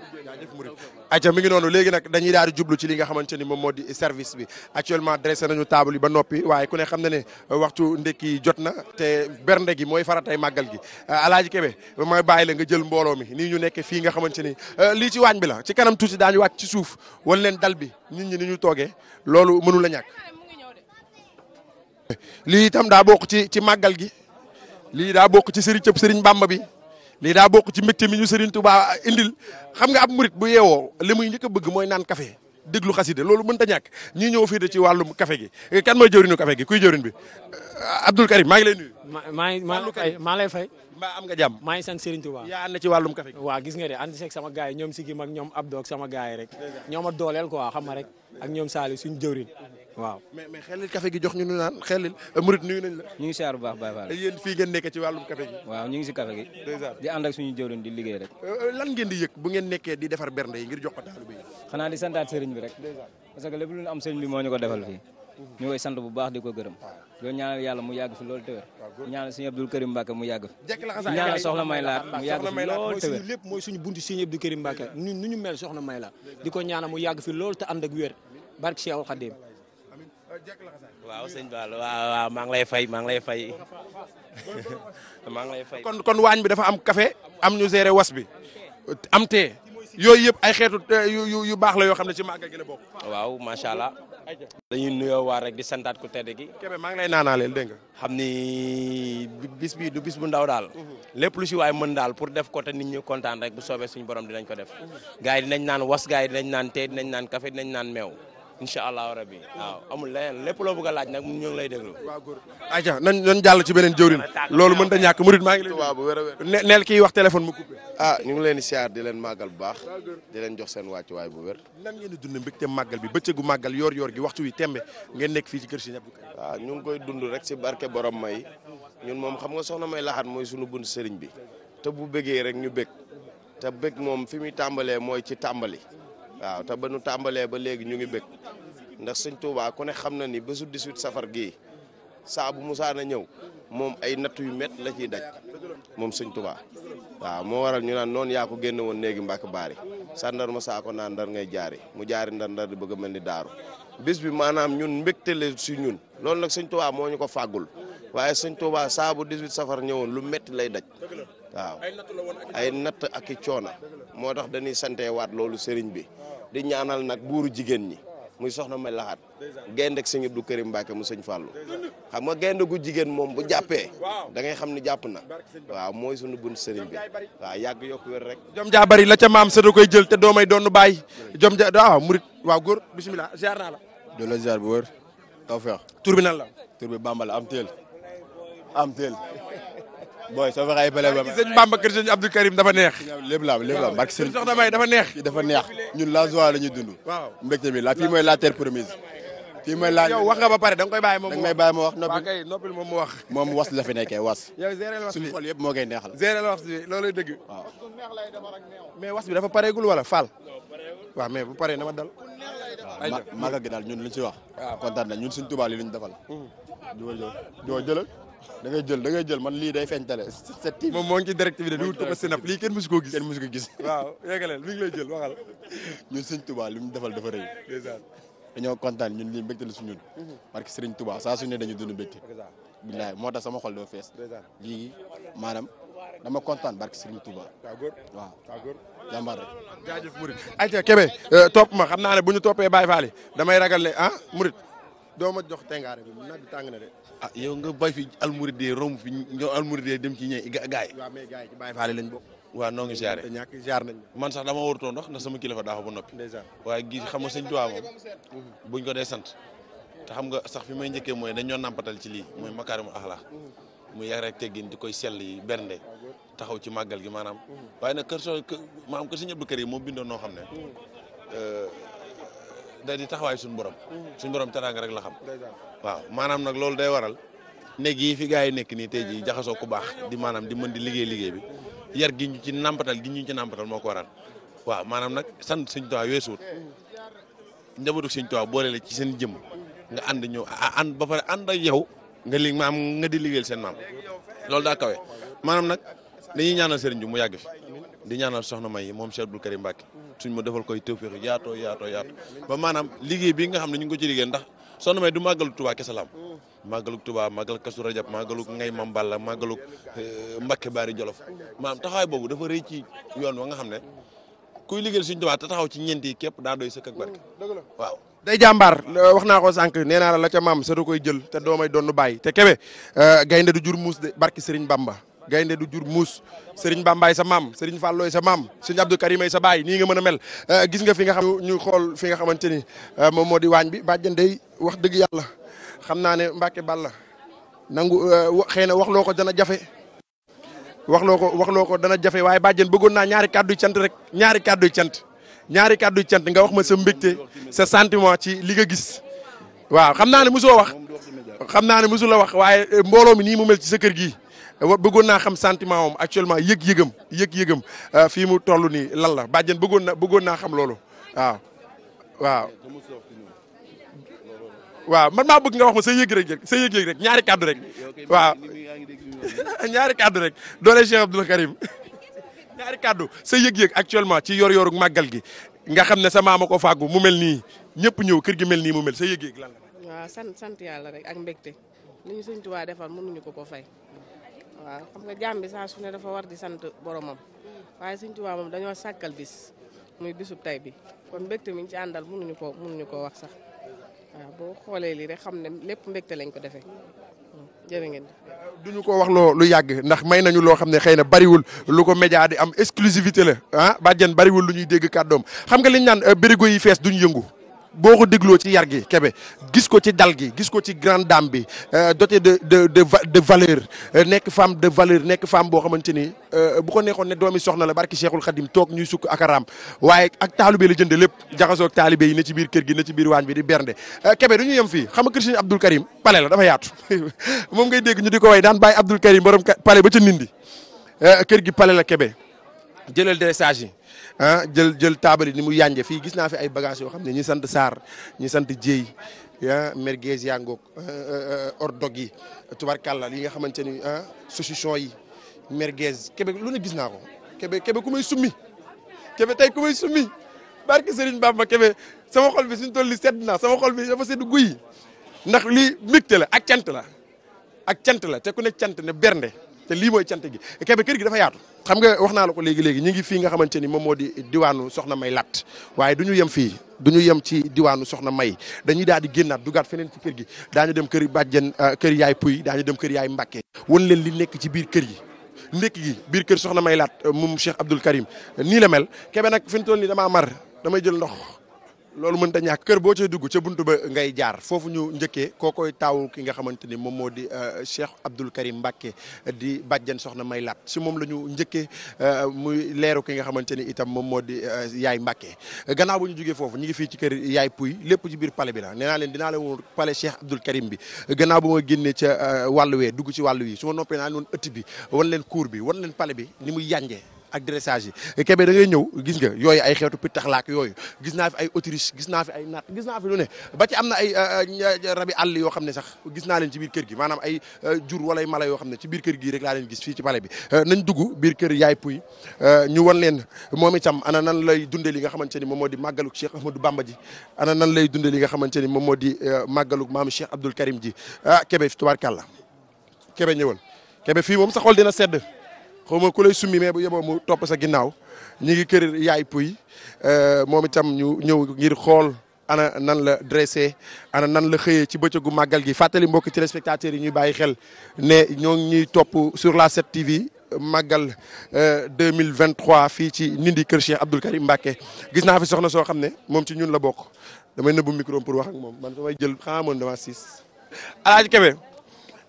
acca mi ngi noonu léegi nag dañuy daal di jublu ci li nga xamante ni moom moo di service bi actuellement dressé nañu table yi ba noppi waaye ku ne xam na ne waxtu ndekki jot na te bernde gi mooy faratay màggal gi euh, alaaji Kebe may bàyyi la nga jël mbooloo mi nii ñu nekk fii nga xamante ni euh, lii ci waañ bi la ci kanam tuuti daañu wàcc ci suuf wan leen dal bi nit ñi ni ñu toogee loolu mënu la ñàkk lii itam daa bokk ci ci màggal gi. lii daa bokk ci sëriñ cëb sëriñ Bàmba bi lii daa bokk ci mbégte mi ñu sëriñ Tuubaa indil xam nga ab murit bu yeewoo li muy njëkk a bëgg mooy naan kafe déglu xasida loolu mënta ñàkk ñi ñëw fii de ci wàllum kafe gi eh, kan mooy jëriñu café gi kuy jëriñ bi eh, Abdoul Karim maa ngi leen nuyu. maa maa lay fay. mbaa am nga jàmm maa ngi sant Serigne Touba yaa ànd ci wàllum kafe gi waaw gis nga de ànd seeg sama gars yi ñoom Sigim ak ñoom Abdou ak sama gars yi rek ñoom a dooleel quoi xam nga rek ak ñoom Saliou suñu jëwrin waaw mais mais xelil café gi jox ñu nu naan xelil euh, murit nuyu nañ la ñu ngi siyaar bu baax baay fii ngeen nekk ci wàllum di ànd ak suñu jëwriñ di liggéey rek euh, euh, lan ngeen di yëg bu ngeen nekkee di defar bernde yi ngir jox ko taalibe yi xanaa di santaat sëriñ bi rek parce que lépp lu ñu am sëriñ bi moo ñu ko defal fii ñu koy sant bu baax di ko gërëm loolu ñaanal yàlla mu yàgg fi loolu tëwër ñaanal sëñ Abdul Karim Mbacke mu yàgg fi ñaanal soxna may laat mu yàgg fi loolu tëwër lépp mooy di ko ñaanal mu yàgg fi loolu te ànd ak wér barke Cheikhul Khadim waaw sëñ Ba waaw maa ngi lay fay maa ngi lay fay maa ngi lay fay. kon kon waañ bi dafa am kafe am ñu géré was bi am tee yooyu yëpp ay xeetu euh, yu yu baax la yoo xam ne ci màggal gi la bokk. waaw macha allah. dañuy nuyoo waar rek di santaat ku tedd gi. Kébé maa ngi lay naanaaleel dégg nga. xam ni bis bi du bis bu ndaw daal. lépp lu si waay mën daal pour def ko te nit ñu kontaan rek bu soobee suñu borom dinañ ko def. gars yi dinañ naan was gars yi dinañ naan tee dinañ naan kafe dinañ naan meew. incha allahu rabi waaw amul leneen lépp loo bëgg a laaj nag ñu ngi lay déglu. waaw góor ayca nañ nañ jàll ci beneen jëwrin loolu mën ta ñàkk murit maa ngi lay. waaw bu wax téléphone mu coupé. Ah, ñu ngi leen di siyaar di leen màggal bu baax di leen jox seen wàccuwaay bu nan lan ngeen di dund mbégte màggal bi bëccëgu màggal yor-yor gi waxtu wi tembe ngeen nekk fii ci kër si ñëpp. waaw ñu ngi koy dund rek si barke borom may ñun moom xam nga soxna may laxaat mooy sunu bunt sëriñ bi te bu bëggee rek ñu bëgg te bëgg moom fi muy tàmbalee mooy ci tàmbali waaw te ba nu tàmbalee ba léegi ñu ngi bëgg ndax sëñ Touba ko ne xam na ni bésu 18 safar gii saa bu musaana ñëw moom ay nat yu met la ciy daj moom sëñ Touba waaw moo waral ñu naan noon yaa ko génne woon néegi mbàkk baari sàndar ma saako naan ndar ngay jaari mu jaari ndar ndar di bëgg a mel ni daaru bés bi maanaam ñun mbégte la si ñun loolu nag sëñ Touba moo ñu ko fagul waaye sëñ Touba saa bu 18 safar ñëwoon lu metti lay daj waaw ay natt ak coona moo tax dañuy santee waat loolu sëriñ bi di ñaanal nag buuru jigéen ñi muy soxna may laxaat gaynde ak sëñ Abdou mu sëñ Fallou xam nga gaynde gu jigéen moom bu jàppee da ngay xam ni jàpp na waaw mooy suñu bunt sëriñ bi waaw yàgg yokk wér rek jom bari la ca maam sa koy jël te doomay doonu bàyyi jom ja waaw murit waaw góor bisimilah ziar naa la doola ziar bu wër taw feex tur bi nan la tur bi am teel booy soo fexe ay bële ba. sëñ Bamba kër sëñ Abdou Karim dafa neex. lépp la lépp la barke sëñ soxna May dafa neex. dafa neex ñun la joie la ñuy dund. waaw mbégte mi la fii mooy la terre promise. fii mooy la yow wax nga ba pare da nga koy bàyyi moom da nga may bàyyi ma wax noppi kay noppil moom mu wax. moom was la fi nekkee was. yow géréel wax bi suñu xol yëpp moo koy neexal. géréel wax bi loolay dëgg. waaw mais was bi dafa pareegul wala faal. waaw mais bu paree na ma dal. waaw màgg gi daal ñun luñ ci wax. waaw kontaan na ñun suñ tubaab yi luñ defal. jërëjëf hmm. jërëjëf da ngay jël da ngay jël man lii day feeñ tale set TV moom moo ngi ci direct bi de di wut ko snap lii kenn musu koo gis kenn musu ko gis waaw yeggaleel mi ngi lay jël waxal ñun sëñ Touba li mu defal dafa rëy dañoo kontaan ñun lii mbégte la su ñun parce mhm. que sëriñ Touba saa su ne dañu dund mbégte bilaay moo tax sama xol doo fees lii maanaam dama kontaan barke Serigne Touba. waaw góor waaw góor jàmbaar rek. jaajëf Murit ayca Kébé euh, ma xam naa ne bu ñu toppee Baye Fall damay ragal ne ah Murit doo ma jox tengaare bi nag bi tàng ah yow nga bay fi almuridee romb fi ñoom almuridee dem ci ñe gaay yi. waaw mais gaay yi ci Baay Faal lañ bokk. waaw noo ngi ziare ñàkk ziar nañ man sax dama warutoon ndax ndax sama kilifa daa fa ba noppi. waaye gi xam nga sëñ Tuubaa moom buñ ko dee sant. te xam nga sax fi may njëkkee mooy ñoon nampatal ci lii mooy makaarimu axlaax mu yar rek teggin di koy sell yi bernde taxaw ci màggal gi maanaam. Mm-hmm. waaye nag kër soo maanaam kër yi moo bindoon noo xam ne. Mm-hmm. Euh, da di taxawaay suñu borom mhm. suñu borom teraanga rek la xam waaw maanaam nag loolu day waral néeg gi fi gars yi nekk nii tey jii jaxasoo ku baax di maanaam di mën di liggéey liggéey bi yar gi ñu ci nampatal gi ñu ci nampatal moo ko waral waaw maanaam nag sant Sëñ Tuubaa weesuut njabootu Sëñ Tuubaa boole la ci seen jëm nga ànd ñëw ànd ba pare ànd ak yow nga li maam nga di liggéeyal seen maam loolu daa kawe maanaam nag dañuy ñaanal sëriñ bi mu yàgg fi di ñaanal soxna May moom Cheikh Abdoul Karim Mbacké suñ ma defal koy tawféex yaatoo yaatoo yaatoo ba maanaam liggéey bi nga xam ne ñu ngi ko ci liggéey ndax soxna May du màggalu Tuubaa kese la am màggalug Tuubaa màggal Kazu Rajab màggalug Ngay Mam Balla màggalug euh, Mbakke Baari Jolof maanaam taxawaay boobu dafa rëy ci yoon wa nga xam ne kuy liggéeyal suñ Tuubaa te taxaw ci ñeent yi képp daa doy sëkk ak barke mm, waaw day jàmbaar wax naa ko sànq nee naa la la ca sa da koy jël te doomay doon bàyyi te kebe euh, gaynde du jur muus de barki Sëriñ Bamba gaynde du jur muus Serigne Bambaay sa maam Serigne Fallooy sa maam Serigne Abdou Karim ay sa baay nii nga mën a mel euh, gis nga fi nga xam ñu xool fi nga xamante ni euh, moom moo di waañ bi bàjjen wax dëgg yàlla xam naa ne Mbacke Balla nangu euh, xëy na wax loo ko dana jafe wax loo ko wax loo ko dana jafe waaye bàjjen bëggoon naa ñaari kàddu cant rek ñaari cant ñaari kàddu cant nga wax ma sa mbégte sa sentiment ci li nga gis waaw xam naa ne mosoo wax naa ne mosul wax waaye mbooloo mi nii mu mel ci sa kër gi Eh, war bëggoon naa xam sentiment am actuellement yëg-yëgam yëg-yëgam ah, fii mu toll nii lan la bàjjen bëggoon na bëggoon naa xam loolu waaw waaw waaw man maa bëgg nga wax ma sa yëg sa yëg rek ñaari kàddu rek waaw ñaari kàddu rek doole Cheikh Abdoul Karim ñaari kàddu sa yëg-yëg actuellement ci yor yor màggal gi nga xam ne sa maama ko fàggu mu mel nii ñëpp ñëw kër gi mel nii mu mel sa yëg-yëg lan la. waaw sant sant yàlla rek ak mbégte li ñu Sëñ Tuubaa defal mënuñu ko ko fay. waaw xam nga jaam bi saa su ne dafa war di sant boromam waaye Sëñ Tuubaa moom dañoo sàkkal bis muy bisub tey bi kon mbégte mi ñu ci àndal mënuñu ko mënuñu koo wax sax waaw boo xoolee lii rek xam ne lépp mbégte lañ ko defee hmm, jërë ngeen du ñu ko wax loo lu yàgg ndax may nañu loo xam ne xëy na bariwul lu ko média di am exclusivité la ah bàjjen bariwul lu ñuy dégg kàddoom xam nga liñ naan euh, bérigo yi fees duñu yëngu boo ko dégloo ci yar gi kebe gis ko ci dal gi gis ko ci grande dame bi euh, dotée de de de de valeur euh, nekk femme de valeur nekk femme boo xamante ni euh, bu ko neexoon ne doomi soxna la barki Cheikhul Khadim toog ñuy sukk akaraam waaye ak taalibe la jënd lépp jaxasoog taalibe yi ne ci biir kër gi ne ci biir waañ bi di bernde kebe du ñu yem fii xam a kër Serigne Abdoul Karim pale la dafa yaatu moom ngay dégg ñu di ko way daan bàyyi Abdoul Karim borom pale ba ca Nindi kër gi pale la kebe jëlal dressage yi ah jël jël taabal yi ni mu yànje fii gis naa fi ay bagages yoo xam ne ñi sant Sarr ñi sant Dieye ah merguez yaa ngoog ah, ah, hors dog yi tubarkàlla li nga xamante ni ah saucisson yi merguez Kébé lu ne gis naa ko Kébé Kébé ku may summi Kébé tey ku may summi barke Serigne Bamba Kébé sama xol bi suñu toll li sedd na sama xol bi dafa sedd guy ndax lii mbégte la ak cant la ak cant la te ku ne cant ne bernde. te lii mooy cant gi Kebe kër gi dafa yaatu xam nga wax naa la ko léegi-léegi ñu ngi fii nga xamante ni moom moo di diwaanu soxna may laat waaye du ñu yem fii du ñu yem ci diwaanu soxna may dañuy daal di génnaat dugaat feneen ci kër gi daañu dem kër bàjjen euh, kër yaay puy daañu dem kër yaay mbàkke wan leen li nekk ci biir kër yi ndékk gi biir kër soxna may laat euh, moom Cheikh Abdoul Karim nii la mel Kebe nag fi mu toll nii dama mar damay jël ndox loolu mën ta ñàkk kër boo cee dugg ca bunt ba ngay jaar foofu ñu njëkkee kookoy taawu ki nga xamante ni moom moo di euh, Cheikh Abdoul Karim Mbacké di bàjjen soxna may laat si moom la ñu njëkkee euh, muy leeru ki nga xamante ni itam moom moo di euh, yaay Mbacké gannaaw bu ñu jógee foofu ñu ngi fii ci kër yaay puy lépp ci biir pale bi la nee naa leen dinaa leen woon pale Cheikh Abdoul Karim bi gannaaw bu ma génnee ca wàllu wee dugg ci wàllu yi su ma noppee naa leen woon ëtt bi wan leen cour bi wan leen pale bi ni muy yànjee ak dressage yi kebe da ngay ñëw gis nga yooyu ay xeetu pittax laak yooyu gis naa fi ay autriche gis naa fi ay natt gis naa fi lu ne ba ci am na ay euh, rabi àll yoo xam ne sax gis naa leen ci biir kër gi maanaam ay euh, jur wala ay mala yoo xam ne ci biir kër gii rek laa leen gis fii ci pale bi euh, nañ dugg biir kër yaay puy ñu wan leen moom itam ana nan lay dundee li nga xamante ni moom moo di màggaluk Cheikh Ahmadou Bamba ji ana nan lay dundee li nga xamante ni moom moo di màggaluk maam Cheikh Abdoul Karim ji ah kebe tubaarkàlla kebe ñëwal kebe fii moom dina sedd xaw ma ku lay summi mais bu yeboo mu topp sa ginnaaw ñi ngi kër yaay puy euh, moom itam ñu ñëw ngir xool ana nan la dressé ana nan la xëyee ci bëccëgu màggal gi fàttali mbokki téléspectateurs yi ñuy bàyyi xel ne ñoo ñuy topp sur la 7 TV màggal 2023 euh, fii ci nindi kër Cheikh Abdoul Karim Mbacké gis naa fi soxna soo xam ne moom ci ñun la bokk damay nëbbu micro pour wax ak moom man samay jël xanaa moon dama siis Alaaji Kebe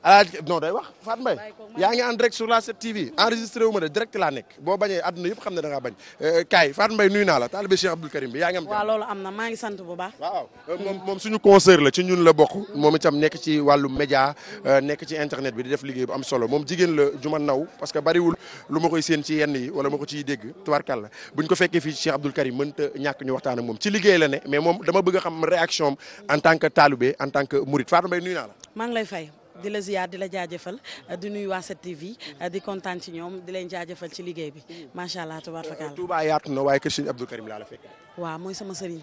alaaj non wax Faat Mbay yaa ngi en direct sur la 7TV enregistré wu de direct laa nekk boo bañee àdduna yëpp xam ne da ngaa bañ euh, kaay Faat Mbay nuyu naa la taalibe Cheikh Abdoul Karim bi yaa ngi am sant bu baax waaw euh, moom moom suñu conseiller la ci ñun la bokk moom itam nekk ci wàllu média euh, nekk ci internet bi di def liggéey bu am solo moom jigéen la ju ma naw parce que bariwul lu ma koy séen ci yenn yi wala ma ko ciy dégg tubaarkàlla buñ ko fekkee fii Cheikh Abdoul Karim mënta ñàkk ñu waxtaan moom ci liggéey la ne mais moom dama bëgg a xam réaction en que taalibe en tant que murid Faat Mbay nuyu naa la maa di la ziyaar di la jaajëfal euh, di nuyu waa tv euh, di kontaan ci ñoom di leen jaajëfal ci liggéey bi macha allah tabaarkalla. Touba yaatu na waaye kër Serigne Abdou la fekk. waaw mooy sama sëriñ.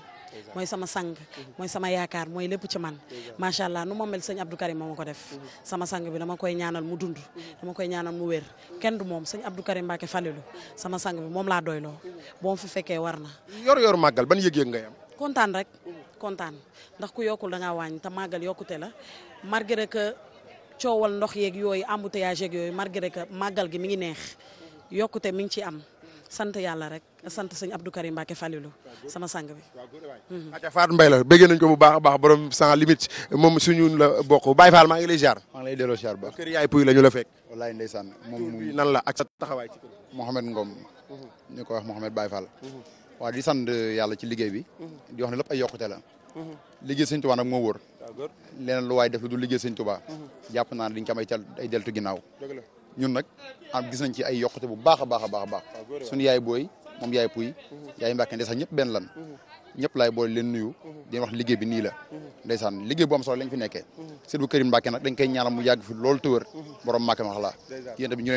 mooy sama yaakaar mooy lépp ci man macha allah nu ma mel sëñ Abdou Karim moo ma ko def mhm. sama sang bi dama koy ñaanal mu dund dama koy ñaanal mu wér kenn du moom sëñ Abdou Karim Mbacke Falilou sama sang bi moom laa doyloo boo fi fekkee war na. yor yor màggal ban yëg-yëg nga am. kontaan rek kontaan ndax ku yokkul da ngaa wàññi te màggal la coowal ndox yeeg yooyu embouteillage yeeg yooyu malgré que màggal gi mi ngi neex yokkute mi ngi ciy am sant yàlla rek sant sëñ Abdou Karim Mbacke Falilou sama sang bi. waaw Fatou Mbaye la bëggee nañ ko bu baax a baax borom sans limite moom suñu la bokk Baye Fall maa ngi lay ziar. maa ngi lay delloo ziar bu baax kër la ñu la fekk. wallaay ndeysaan moom la ak sa taxawaay ci kër. Mouhamed Ngom. ñu mhm. ko wax Mouhamed Baye Fall. Mhm. waaw di sant yàlla ci liggéey bi. Mhm. di wax ne lépp ay yokkute la. liggéey sëñ Tuubaa nag moo wóor leneen lu waay def lu du liggéey sëñ Tuubaa jàpp naa ne di nga ci am ay deltu ginnaaw ñun nag am gis nañ ci ay yokkute bu baax a baax a baax a baax suñu yaay booy moom yaay puy mhm. yaay Mbàkke ndesax ñëpp benn lan mhm. ñépp laay boole leen nuyu mhm. di wax liggéey bi nii la mhm. ndeysaan liggéey bu am solo lañ fi nekkee mhm. sëñ bu Karim Mbàkke nag dañ koy ñaanal mu yàgg fi loolu tëwër borom Mbàkke wax la yéen tamit ñu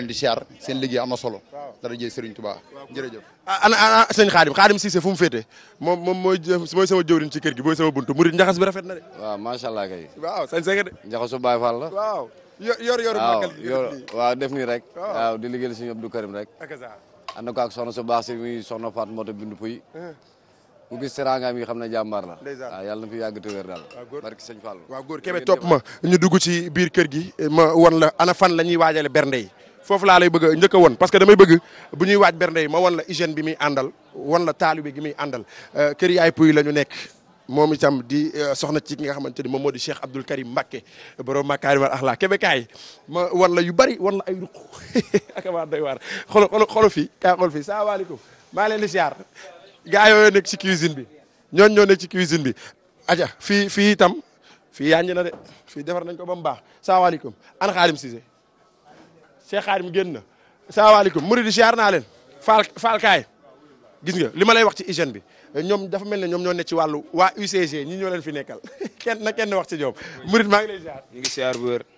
seen liggéey na solo dara jëy Serigne Touba jërëjëf ah, ana ana moom mooy mooy sama jëwriñ ci kër gi mooy sama buntu murid njaxas bi rafet na de waaw macha allah kay Baay Faal la waaw yor yor waaw def nii rek waaw di liggéeyal sëñ Abdou Karim rek ànd ko ak soxna su baax si muy soxna Faat Mota Bindu Puy ku gis teraangaam yi xam ne jàmbaar ah, na fi yàgg te wér daal barki sëñ Fall ma ñu dugg ci biir kër gi ma wan la ana fan la ñuy waajale bernde yi foofu laa lay bëgg njëkk a parce que damay bëgg bu ñuy waaj bernde yi ma wan la hygiène bi muy àndal wan la taalibe gi muy àndal euh, kër yaay puy la ñu nekk moom itam di euh, soxna ci ki nga xamante ni moom moo di Cheikh Abdoul Karim Mbacké borom makaarimal axlaa Kébé kaay ma wan la yu bari wan la ay ruq akamaa doy waar xolo xolo xolo fii kaa xol fii maa leen di ziar gaa yooyu nekk ci cuisine bi ñooñ ñoo nekk ci cuisine bi aja fii fii itam fii yaaññi na de fii defar nañ ko ba mu baax salaamaaleykum an xaalim Cissé Cheikh xaalim génn na mu Mouride siyaar naa leen faal faal kaay gis nga li ma lay wax ci hygiène bi ñoom dafa mel ne ñoom ñoo ne ci wàllu waa UCG ñi ñoo leen fi nekkal kenn na kenn wax ci ñoom murit maa ngi lay ziar ñu ngi ziar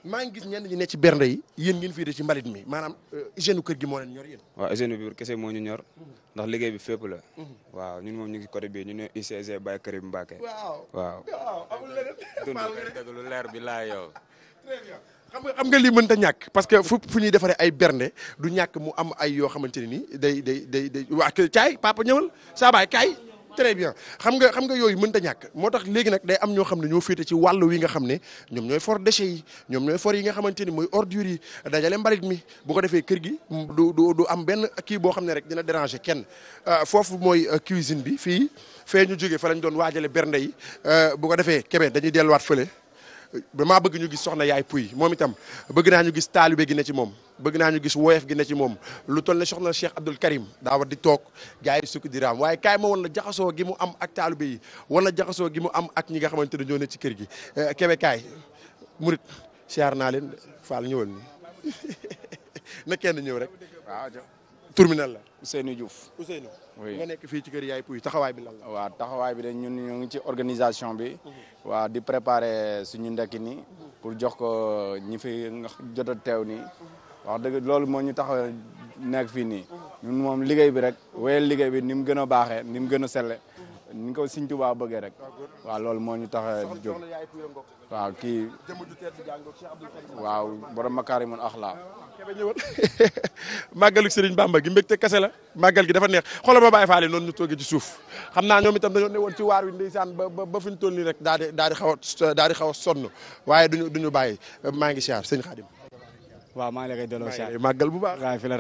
maa ngi gis ñenn ñu ne ci bernde yi yéen ngeen fii de ci mbalit mi maanaam euh, hygiène kër gi moo leen ñor yéen waaw hygiène bi kese moo ñu ñor mhm. ndax liggéey bi fépp la mhm. waaw ñun moom ñu ngi côté bi ñu ne UCG Baye Karim Mbacké mbaake waaw amul leneen dëgg lu leer bi laa xam nga xam nga lii mënta ñàkk parce que fu fu ñuy defaree ay bernde du ñàkk mu am ay yoo xamante ne nii day day day day waa caay papa ñëwal très bien xam nga xam nga yooyu mën mënta ñàkk moo tax léegi nag day am ñoo xam ne ñoo féete ci wàll wi nga xam ne ñoom ñooy for déchets yi ñoom ñooy for yi nga xamante ni mooy ordures yi dajale mbalit mi bu ko defee kër gi du du du am benn kii boo xam ne rek dina déranger kenn euh, foofu mooy euh, cuisine bi fii fee ñu jógee fa lañ doon waajale bernde yi euh, bu ko defee kebe dañuy delluwaat fële maa bëgg ñu gis soxna yaay puy moom itam bëgg naa ñu gis taalibe gi ne ci moom bëgg naa ñu gis woyef gi ne ci moom lu toll ne soxna Cheikh Abdoul Karim daa war di toog gars yi sukk di raam waaye kaay ma woon la jaxasoo gi mu am ak taalibe yi wala jaxasoo gi mu am ak ñi nga xamante ne ñoo ci kër gi eh, kebe kaay murit siyaar naa leen Fall ñëwal ni na kenn ñëw rek waaw la Ousseynou Diouf Ousseynou nga nekk fii ci kër yaay puy taxawaay bi lan la. waaw taxawaay bi de ñun ñu ngi ci organisation bi. waa di préparer suñu ndekki nii. pour jox ko ñi fi nga jot a teew nii. wax dëgg loolu moo ñu tax nekk fii nii. ñun moom liggéey bi rek wéyal liggéey bi ni mu gën a baaxee ni mu gën a selle. ni ko Sëñ Tuubaa bëggee rek waaw loolu moo ñu tax di jóg waaw kii waaw borom makaarimul axlaa màggalu Sëriñ Bàmba gi mbégte kese la màggal gi dafa neex xoolal ma Baay Faal ñu toogee ci suuf xam naa itam dañoo ne woon ci waar wi ndeysaan ba ba nii rek daal di daal di xaw a xaw a sonn waaye duñu duñu bàyyi maa ngi siyaar sëñ Xaadim waaw maa ngi lay koy delloo màggal bu baax waaw fi la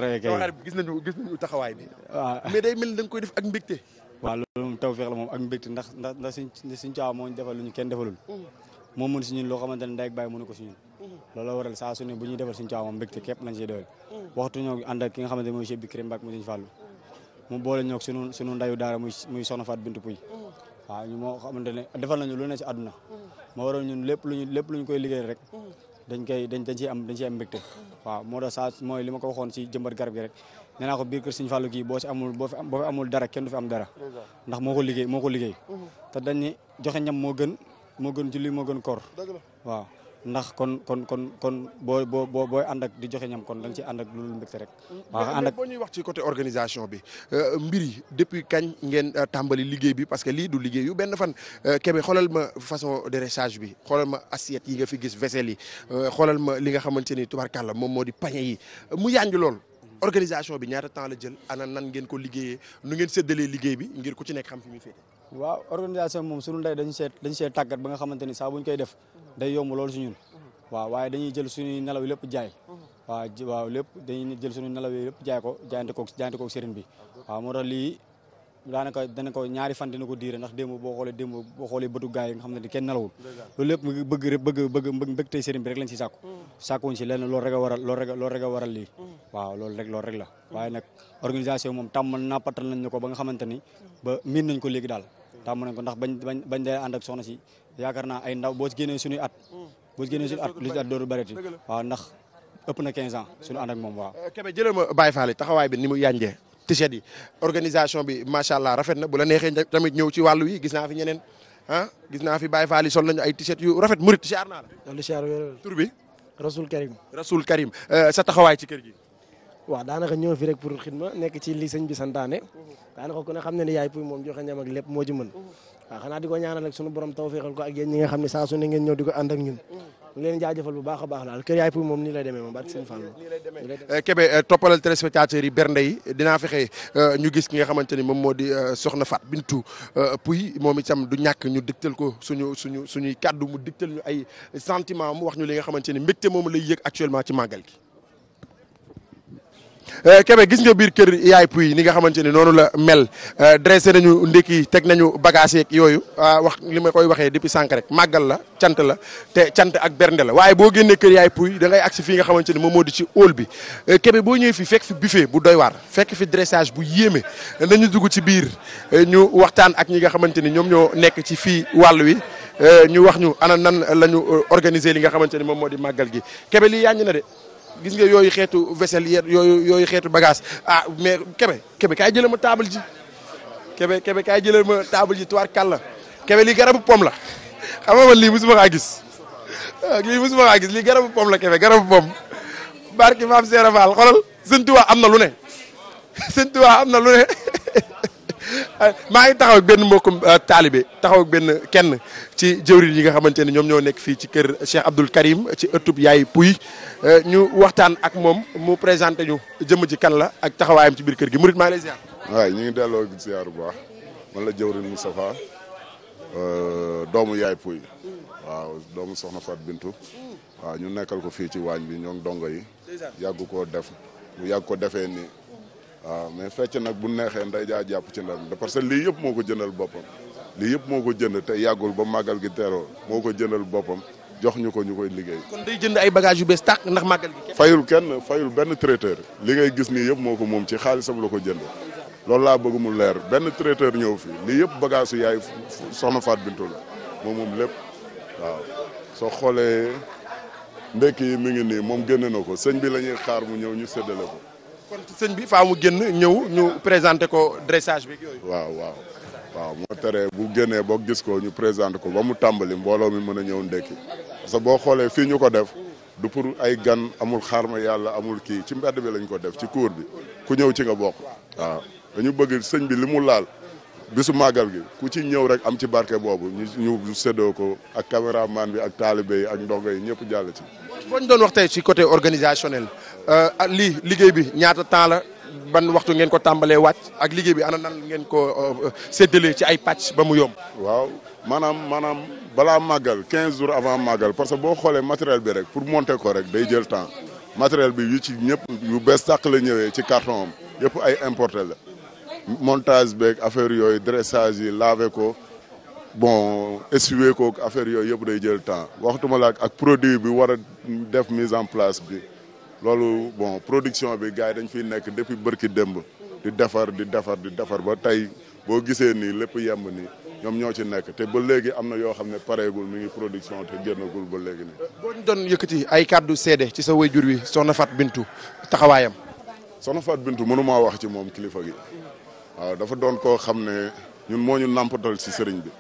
gis nañu gis nañu bi waaw mais day mel ni da koy def ak mbégte waaw loolu moom tawfeex la moom ak mbégte ndax ndax ndax suñ suñ caaw moo ñu defal lu ñu kenn mm-hmm. si ñun loo xamante ne baay mënu ko si ñun mm-hmm. loolu la waral saa su ne bu ñuy defal suñ caaw moom mbégte képp lañ siy doyal mm-hmm. waxtu ñoo ànd ak ki nga xamante ne mooy chef bi Kër Mbacke mu suñ fàllu mu boole ñoog muy soxna Faat Bintu Puy waaw ñu moo xamante ne defal nañu lu ne si àdduna moo waral ñun lépp luñu lépp luñ koy liggéey rek dañ koy dañ dañ ciy am dañ ciy am mbégte waaw moo tax saa mooy li ma ko waxoon si jëmbat garab gi rek nee naa ko biir kër Sëñ Fallou gii boo si amul boo fi amul dara kenn du fi am dara ndax moo ko liggéey moo ko liggéey te dañ ni joxe ñam moo gën moo gën julli moo gën koor waaw ndax kon kon kon kon boo boo boo booy ànd ak di joxe ñam kon da nga ci ànd ak loolu mbégte rek waaw ànd ak boo ñuy wax ci côté organisation bi euh, mbir yi depuis kañ ngeen euh, tàmbali liggéey bi parce que lii du liggéey yu benn fan euh, kebe xoolal ma façon dressage bi xoolal ma assiette yi nga fi gis vaisselle yi xoolal ma li nga xamante ni tubarkàlla moom moo di pañe yi mu yànj lool organisation bi ñaata temps la jël ana nan ngeen ko liggéeyee nu ngeen séddalee liggéey bi ngir ku ci nekk xam fi muy féete. waaw organisation moom suñu ndey dañu see dañu ba nga xamante ni saa def day yomb loolu si ñun waaw waaye dañuy jël suñuy nelaw lépp jaay. waaw lépp dañuy jël suñu nelaw yi lépp jaay ko jaayante koog jaayante bi waaw moo tax lii daanaka dana ko ñaari fan dina ko diire ndax démb boo xoolee démb boo xoolee bëtu gaay yi kenn nelawul loolu lépp bëgg bëgg bëgg mbégtey sëriñ bi rek lañ si sàkku mm. sàkkuwuñ si loolu rek a waral loolu rek loolu rek a waral lii mm. waaw loolu rek loolu rek la mm. waaye nag organisation moom tàmm nappatal nañ ñu ko ba nga xamante ni ba miin nañ ko léegi daal tàmm nañ ko ndax bañ bañ bañ dee ànd ak soxna si yaakaar naa ay ndaw boo si génnee suñuy at boo si génnee suñu at lu si at dooru bëreeti waaw ndax ëpp na 15 ans suñu ànd moom waaw eh, Kébé jëlal ma Baye taxawaay bi ni mu yànjee t-shirt yi organisation bi macha allah rafet na bu la neexee tamit ñëw ci wàllu yi gis naa fi ñeneen ah gis naa fi Baye Fall yi sol nañu ay t-shirt yu rafet murit siyaar naa la. tur bi. Rasoul Karim. Rasoul Karim euh, sa taxawaay ci kër gi. waaw daanaka ñëw fi rek pour xidma nekk ci li sëñ bi santaane daanaka ku ne xam ne ne yaay puy moom joxe ñam ak lépp moo ci mën waaw xanaa di ko ñaanal ak sunu borom tawféexal ko nga xam ne saa su ne ngeen ko ànd ak ñun ñu leen jaajëfal bu a baax daal kër yaay puy moom nii lay demee moom barke seen fàllu eh, Kébé eh, toppalal téléspectateurs yi bernde eh, ñu gis ki nga xamante ni moom moo di soxna Fat Bintu Puy moom itam du ñàkk ñu digtal ko suñu suñu suñuy kàddu mu digtal ñu ay sentiment mu wax ñu li nga xamante ni mbégte moom lay yëg actuellement ci màggal gi Eh, kebe gis nga biir kër yaay puy ni nga xamante ni noonu la mel eh, dressé nañu ndekki teg nañu bagage yooyu yooyu ah, wax li ma koy waxee depuis sànq rek màggal la cant la te cant ak bernde la waaye boo génnee kër yaay puy da ngay agsi fii nga xamante ni moom moo di ci hall bi eh, Kébé boo ñëwee fi fekk fi buffet bu doy waar fekk fi dressage bu yéeme nañu dugg ci biir ñu waxtaan ak ñi nga xamante ni ñoom ñoo nekk ci fii wàll wi ñu wax ñu ana nan la ñu organiser li nga xamante ni moom moo di màggal gi Kébé lii yàññ na de gis nga yooyu xeetu vaisselle yooyu yooyu xeetu bagage ah mais kebe kebe kaay jëlee ma table ji kebe kebe kaay ma table ji tuwaar kàlla kebe li garabu pom la xam nga man lii musuma ah, kaa gis lii musuma kaa gis li garabu pom la kebe garabu pom barki maam Seera Faal xolal sëñ Tuubaa lu ne sëñ Tuubaa am na lu ne Ah, maa ngi taxaw ak benn mbokkum euh, taalibe taxaw benn kenn ci jëwriñ yi nga xamante ne ñoom ñoo nekk fii ci kër Cheikh Abdoul Karim ci ëttub yaay puy euh, ñu waxtaan ak moom mu présenté ñu jëmm ci kan la ak taxawaayam ci biir kër gi murit maa ngi lay ñu ngi delloo ziar bu baax man la jëwriñ Moustapha euh, doomu yaay puy waaw doomu soxna Fat Bintu waaw ñu nekkal ko fii ci waañ bi ñoom dongo yi yàgg koo def mu yàgg ko defee nii. waaw mais fecc nag bu neexee nday jaa jàpp ci ndam parce que lii yëpp moo ko jëndal boppam lii yëpp moo ko jënd te yàggul ba màggal gi teroo moo ko jëndal boppam jox ñu ko ñu koy liggéey. day jënd ay bagages yu bees tàq ndax màggal gi. fayul kenn fayul benn traiteur li ngay gis ni yëpp moo ko moom ci xaalisam la ko jënd loolu laa bëgg mu leer benn traiteur ñëw fi lii yëpp bagage yaay soxna Faat Bintu la moom moom lépp waaw soo xoolee ndekki yi mi ngi nii moom génne na ko sëñ bi la ñuy xaar mu ñëw ñu séddale kon sëñ bi faa mu génn ñëw ñu présenté ko dressage bi waaw waaw waaw moo tere bu génnee boo gis ko ñu présenté ko ba mu tàmbali mbooloo mi mën a ñëw ndekki parce que boo xoolee fii ñu ko def du pour ay gan amul ma yàlla amul kii ci mbedd bi lañ ko def ci cour bi ku ñëw ci nga bokk waaw dañu bëgg sëñ bi li mu laal. bisu màggal gi ku ci ñëw rek am ci barke boobu ñu ñu séddoo ko ak caméraman bi ak taalibe yi ak ndongo yi ñëpp jàll ci. boo ñu doon wax tey ci côté Euh, ah, lii liggéey bi ñaata temps la ban waxtu ngeen ko tàmbalee wàcc ak liggéey bi ana nan ngeen ko euh, euh, séddalee ci ay pàcc ba mu yomb. waaw maanaam maanaam balaa màggal 15 jours avant màggal parce que boo xoolee matériel bi rek pour monter ko rek day jël temps matériel bi yu ci ñëpp yu bees sàq la ñëwee ci carton am yëpp ay importé la montage beeg affaire yooyu dressage yi laver ko. bon essuyer ko affaire yooyu yëpp day jël temps waxtuma la ak produit bi war a def mise en place bi loolu bon production bi gars yi dañ fi nekk depuis bërki démb di defar di defar di defar ba tey boo gisee nii lépp yemb ni ñoom ñoo ci nekk te ba léegi am na yoo xam ne pareegul mu ngi production te génnagul ba léegi nii. boo ñu doon yëkkati ay kàddu seede ci sa wayjur wi soxna Fat Bintu taxawaayam. soxna Fat Bintu mënu wax ci moom kilifa gi waaw dafa doon koo xam ne ñun moo ñu nampatal si sëriñ bi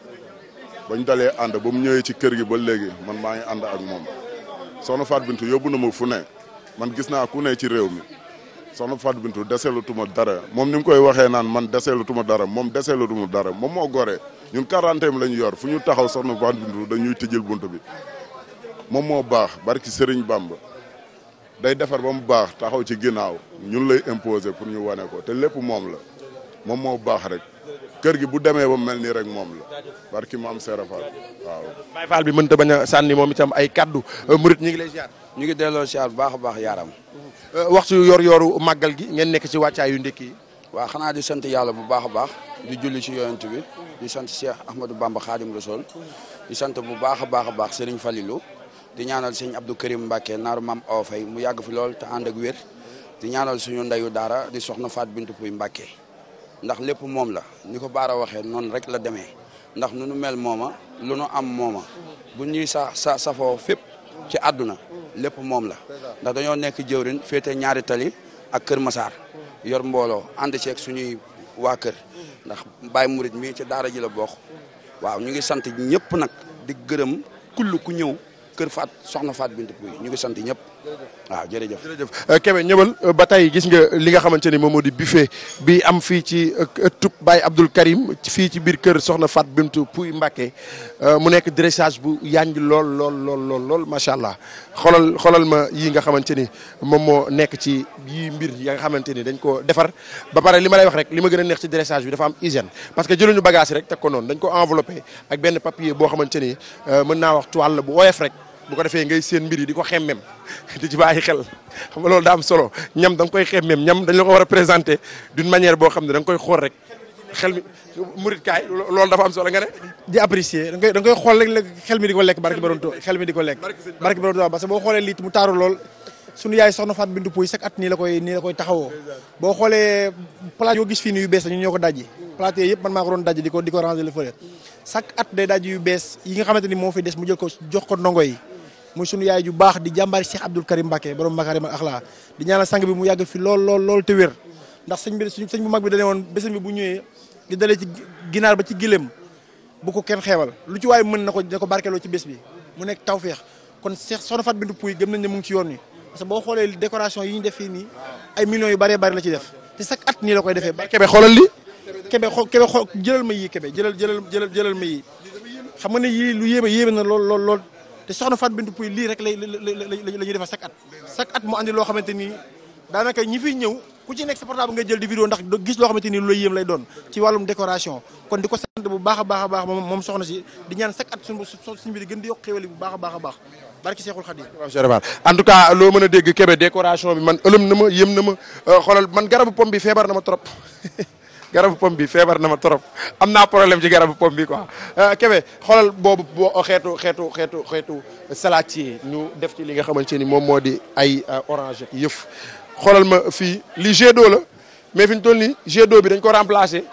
bañ dalee ànd ba mu ñëwee ci kër gi ba léegi man maa ngi ànd ak moom soxna Fat Bintu yóbbu na fu ne. man gis naa ku ne ci réew mi soxna Fatou Bintou deseelutuma dara moom ni mu koy waxee naan man deseelutuma dara moom deseelutuma dara moom moo gore ñun quarantaine la ñu yor fu ñu taxaw soxna Fatou Bintou dañuy tëjël bunt bi moom moo baax barki Serigne Bamba day defar ba mu baax taxaw ci ginnaaw ñun lay imposer pour ñu wane ko te lépp moom la moom moo baax rek kër gi bu demee ba mu mel ni rek moom la barki maam Serap Fall waaw. Baye Fall bi mënta moom itam ay kaddu euh, murit ñu ngi lay ziar. ñu ngi delloo siyaar bu baax a baax yaaram. Euh, waxtu yor-yoru màggal gi ngeen nekk ci wàccaay yu ndékki yi. waaw xanaa di sant yàlla bu baax a baax di julli ci yonent wi di sant Cheikh Ahmadou Bamba Khadim Rasoul di sant bu baax a baax a baax Serigne Falilou di ñaanal sëñ Abdou Karim mbàkke naaru mam Awa Faye mu yàgg fi lool te ànd ak wér di ñaanal suñu ndayu dara di soxna Faat Bintou Pouy Mbacke ndax lépp moom la ni ko Baara waxee noonu rek la demee ndax nu nu mel mooma lu am mooma bu ñuy sa sa safoo fépp ci àdduna lépp moom la ndax dañoo nekk jëwrin féete ñaari tali ak Kër Masaar yor mbooloo ànd ceeg suñuy waa kër ndax Baye Murit mi ci daara ji la bokk waaw ñu ngi sant ñëpp nag di gërëm kull ku ñëw kër Faat soxna Faat Bintou Pouye ñu ngi sant ñëpp waaw ah, jërëjëf jërëjëf euh, Kébé ñëwal euh, ba tey gis nga li nga xamante ni moom moo di buffet bi am fii ci ëttub euh, Baye Abdoul Karim fii ci biir kër Soxna Fat Bintu Pouy Mbacké mu nekk dressage bu yànj lool lool lool lool lool macha allah xolal xolal ma yi nga xamante ni moom moo nekk ci yi mbir ya nga xamante ni dañ ko defar ba pare li ma lay wax rek li ma gën a neex ci dressage bi dafa am hygiène parce que jëluñu bagage rek teg ko noonu dañ ko enveloppé ak benn papier boo xamante ni mën naa wax toile bu oyof rek bu ko defee ngay seen mbir yi di ko xemmem di ci bàyyi xel xam nga loolu daa am solo ñam da nga koy xemmem ñam dañ la ko war a présenter d'une manière boo xam ne da nga koy xool rek xel mi murit kaay loolu dafa am solo nga ne. di apprécier da nga koy da nga koy xool rek xel mi di ko lekk barke borom Tuubaa xel mi di ko lekk. barke borom Tuubaa parce que boo xoolee lii mu taaru lool. suñu yaay soxna Fatou Bintou Pouy chaque at nii la koy nii la koy taxawoo boo xoolee plate yoo gis fii nii yu bees la ñun ñoo ko dajji plate yooyu yëpp man maa ko doon dajji di ko di ko ranger le fële chaque at day dajji yu bees yi nga xamante ni moo fi des mu jël ko jox ko ndongo yi muy sunu yaay ju baax di jàmbaari Cheikh Abdoul Karim Mbacké borom makarim al axlaa di ñaanal sang bi mu yàgg fi lool lool lool te wér ndax sëñ sëñ bu mag bi dane woon bésam bi bu ñëwee di dalee ginaar ba ci giléem bu ko kenn xeebal lu ci waaye mën na ko na ko barkeeloo ci bés bi mu nekk tawféex kon Cheikh Soxna Fatou Bintou Pouye gëm nañ ne mu ngi ci yoon wi parce boo xoolee décoration yi ñu def fii nii ay millions yu bare bëri la ci def te chaque at nii la koy defee Kébé xoolal li Kébé xool Kébé xool jëlal ma yii kebe jëlal jëlal jëlal jëlal ma yii xam nga ne yii lu yéeme yéeme na lool lool lool te soxna Fatou Binetou Pouye lii rek lay la la ñuy defar chaque at chaque at mu andi loo xamante ni daanaka ñi fiy ñëw ku ci nekk sa nga jël di vidéo ndax gis loo xamante ni lu la yéem lay doon ci wàllum décoration kon di ko sant bu baax a baax a baax moom soxna si di ñaan chaque at suñu suñu bi di gën di yokk xéwal bu baax a baax a baax barki Seexul Xadiim en tout cas loo mën a dégg Kébé décoration bi man ëlëm na ma yéem na ma euh, xoolal man garabu pomme bi feebar na ma trop garabu pomme bi feebar na ma trop am na problème ci garabu pomme bi quoi euh, Kébé xoolal boobu boo xeetu xeetu xeetu xeetu saladier ñu def ci li nga xamante ni moom moo di ay euh, orange ak yëf xoolal ma fii li jet d'eau la mais fi ñu toll nii d'eau bi dañ ko remplacer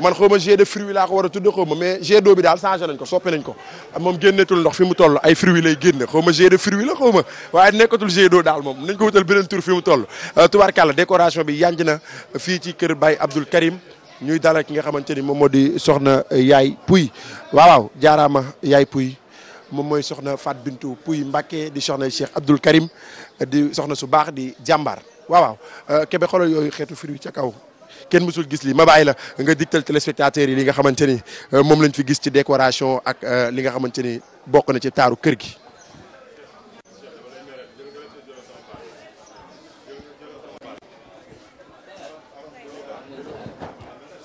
man xaw ma jet de fruits laa ko war a tudd ma mais jet d'eau daal changé nañ ko soppe nañ ko moom génneetul ndox fi mu toll ay fruits lay génne xaw ma jet de fruits la xaw ma waaye nekkatul jet d'eau daal moom nañ ko wutal beneen tur fi mu toll euh, tubaarkàlla décoration bi yanj na fii ci kër Baye Abdoul Karim ñuy dal ki nga xamante ni moom moo di soxna yaay puy waaw jaaraama yaay puy moom mooy soxna Fat Bintu puy Mbacke di soxna Cheikh Abdoul Karim di soxna su baax di jàmbaar waaw euh, kebe xoolal yooyu xeetu fruit ca kaw kenn mësul gis lii ma bàyyi la nga digtal téléspectateurs yi li nga xamante ni euh, moom lañ fi gis ci décoration ak euh, li nga xamante ni bokk na ci taaru kër gi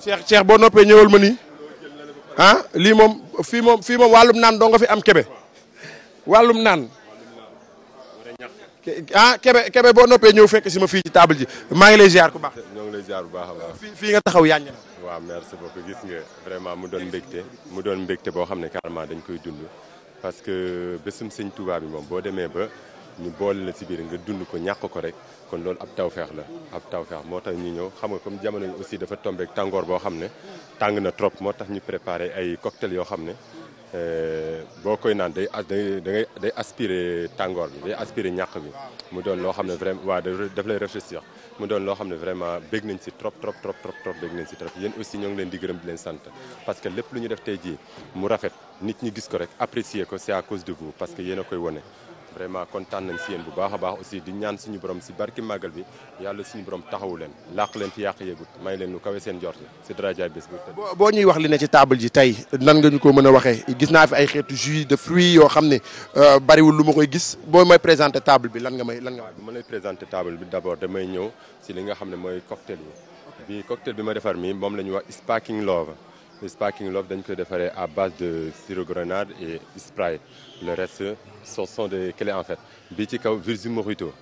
Cheikh ceex boo noppee ñëwal ma ni ah lii moom fii moom fii moom wàllum naan doo nga fi am kebe wàllum naan ah kebe kebe boo noppee ñëw fekk si ma fii ci table ji maa ngi lay ziar ku baax. ñoo ngi lay ziar bu baax a fii nga taxaw yaaññi na. waaw merci beaucoup gis nga vraiment mu doon mbégte mu doon mbégte boo xam ne carrément dañ koy dund parce que bésum sëñ Touba bi moom boo demee ba. ñu boole la si biir nga dund ko ñàkk ko rek kon loolu ab tawfeex la ab tawfeex moo tax ñu ñëw xam nga comme jamono yi aussi dafa tombé ak tàngoor boo xam ne tàng na trop moo tax ñu préparé ay cocktail yoo xam ne euh, boo koy naan day day day aspiré tàngoor bi day aspiré ñàkk bi mu doon loo xam ne vraiment waaw daf lay réfléchir doon loo xam ne vraiment bég nañ si trop trop trop trop trop bég nañ si trop yéen aussi ñoo ngi leen di gërëm leen sant parce que lépp lu ñu def tey jii mu rafet nit ñi gis ko rek apprécier ko c'est à cause de vous parce que yéen a koy wone vraiment kontaan nañ si yéen bu baax baax aussi di ñaan suñu borom si barki màggal bi yàlla suñu borom taxawu leen làq leen fi yàq yéegut may leen lu kawe seen jort si darajaay bés bi boo ñuy wax li ne ci table ji tey nan nga ñu ko mën a waxee gis naa fi ay xeetu jus de fruits yoo xam ne euh, bariwul lu ma koy gis boo may présenté table bi lan nga may lan nga ma lay présenté table bi d' abord damay ñëw si li nga xam ne mooy cocktail bi bi cocktail bi ma defar mi moom la ñuy wax sparkling love Sparkling Love dañ koy defaree à base de sirop grenade et Sprite le reste ce sont des clés en fait bi ci kaw virgin mojito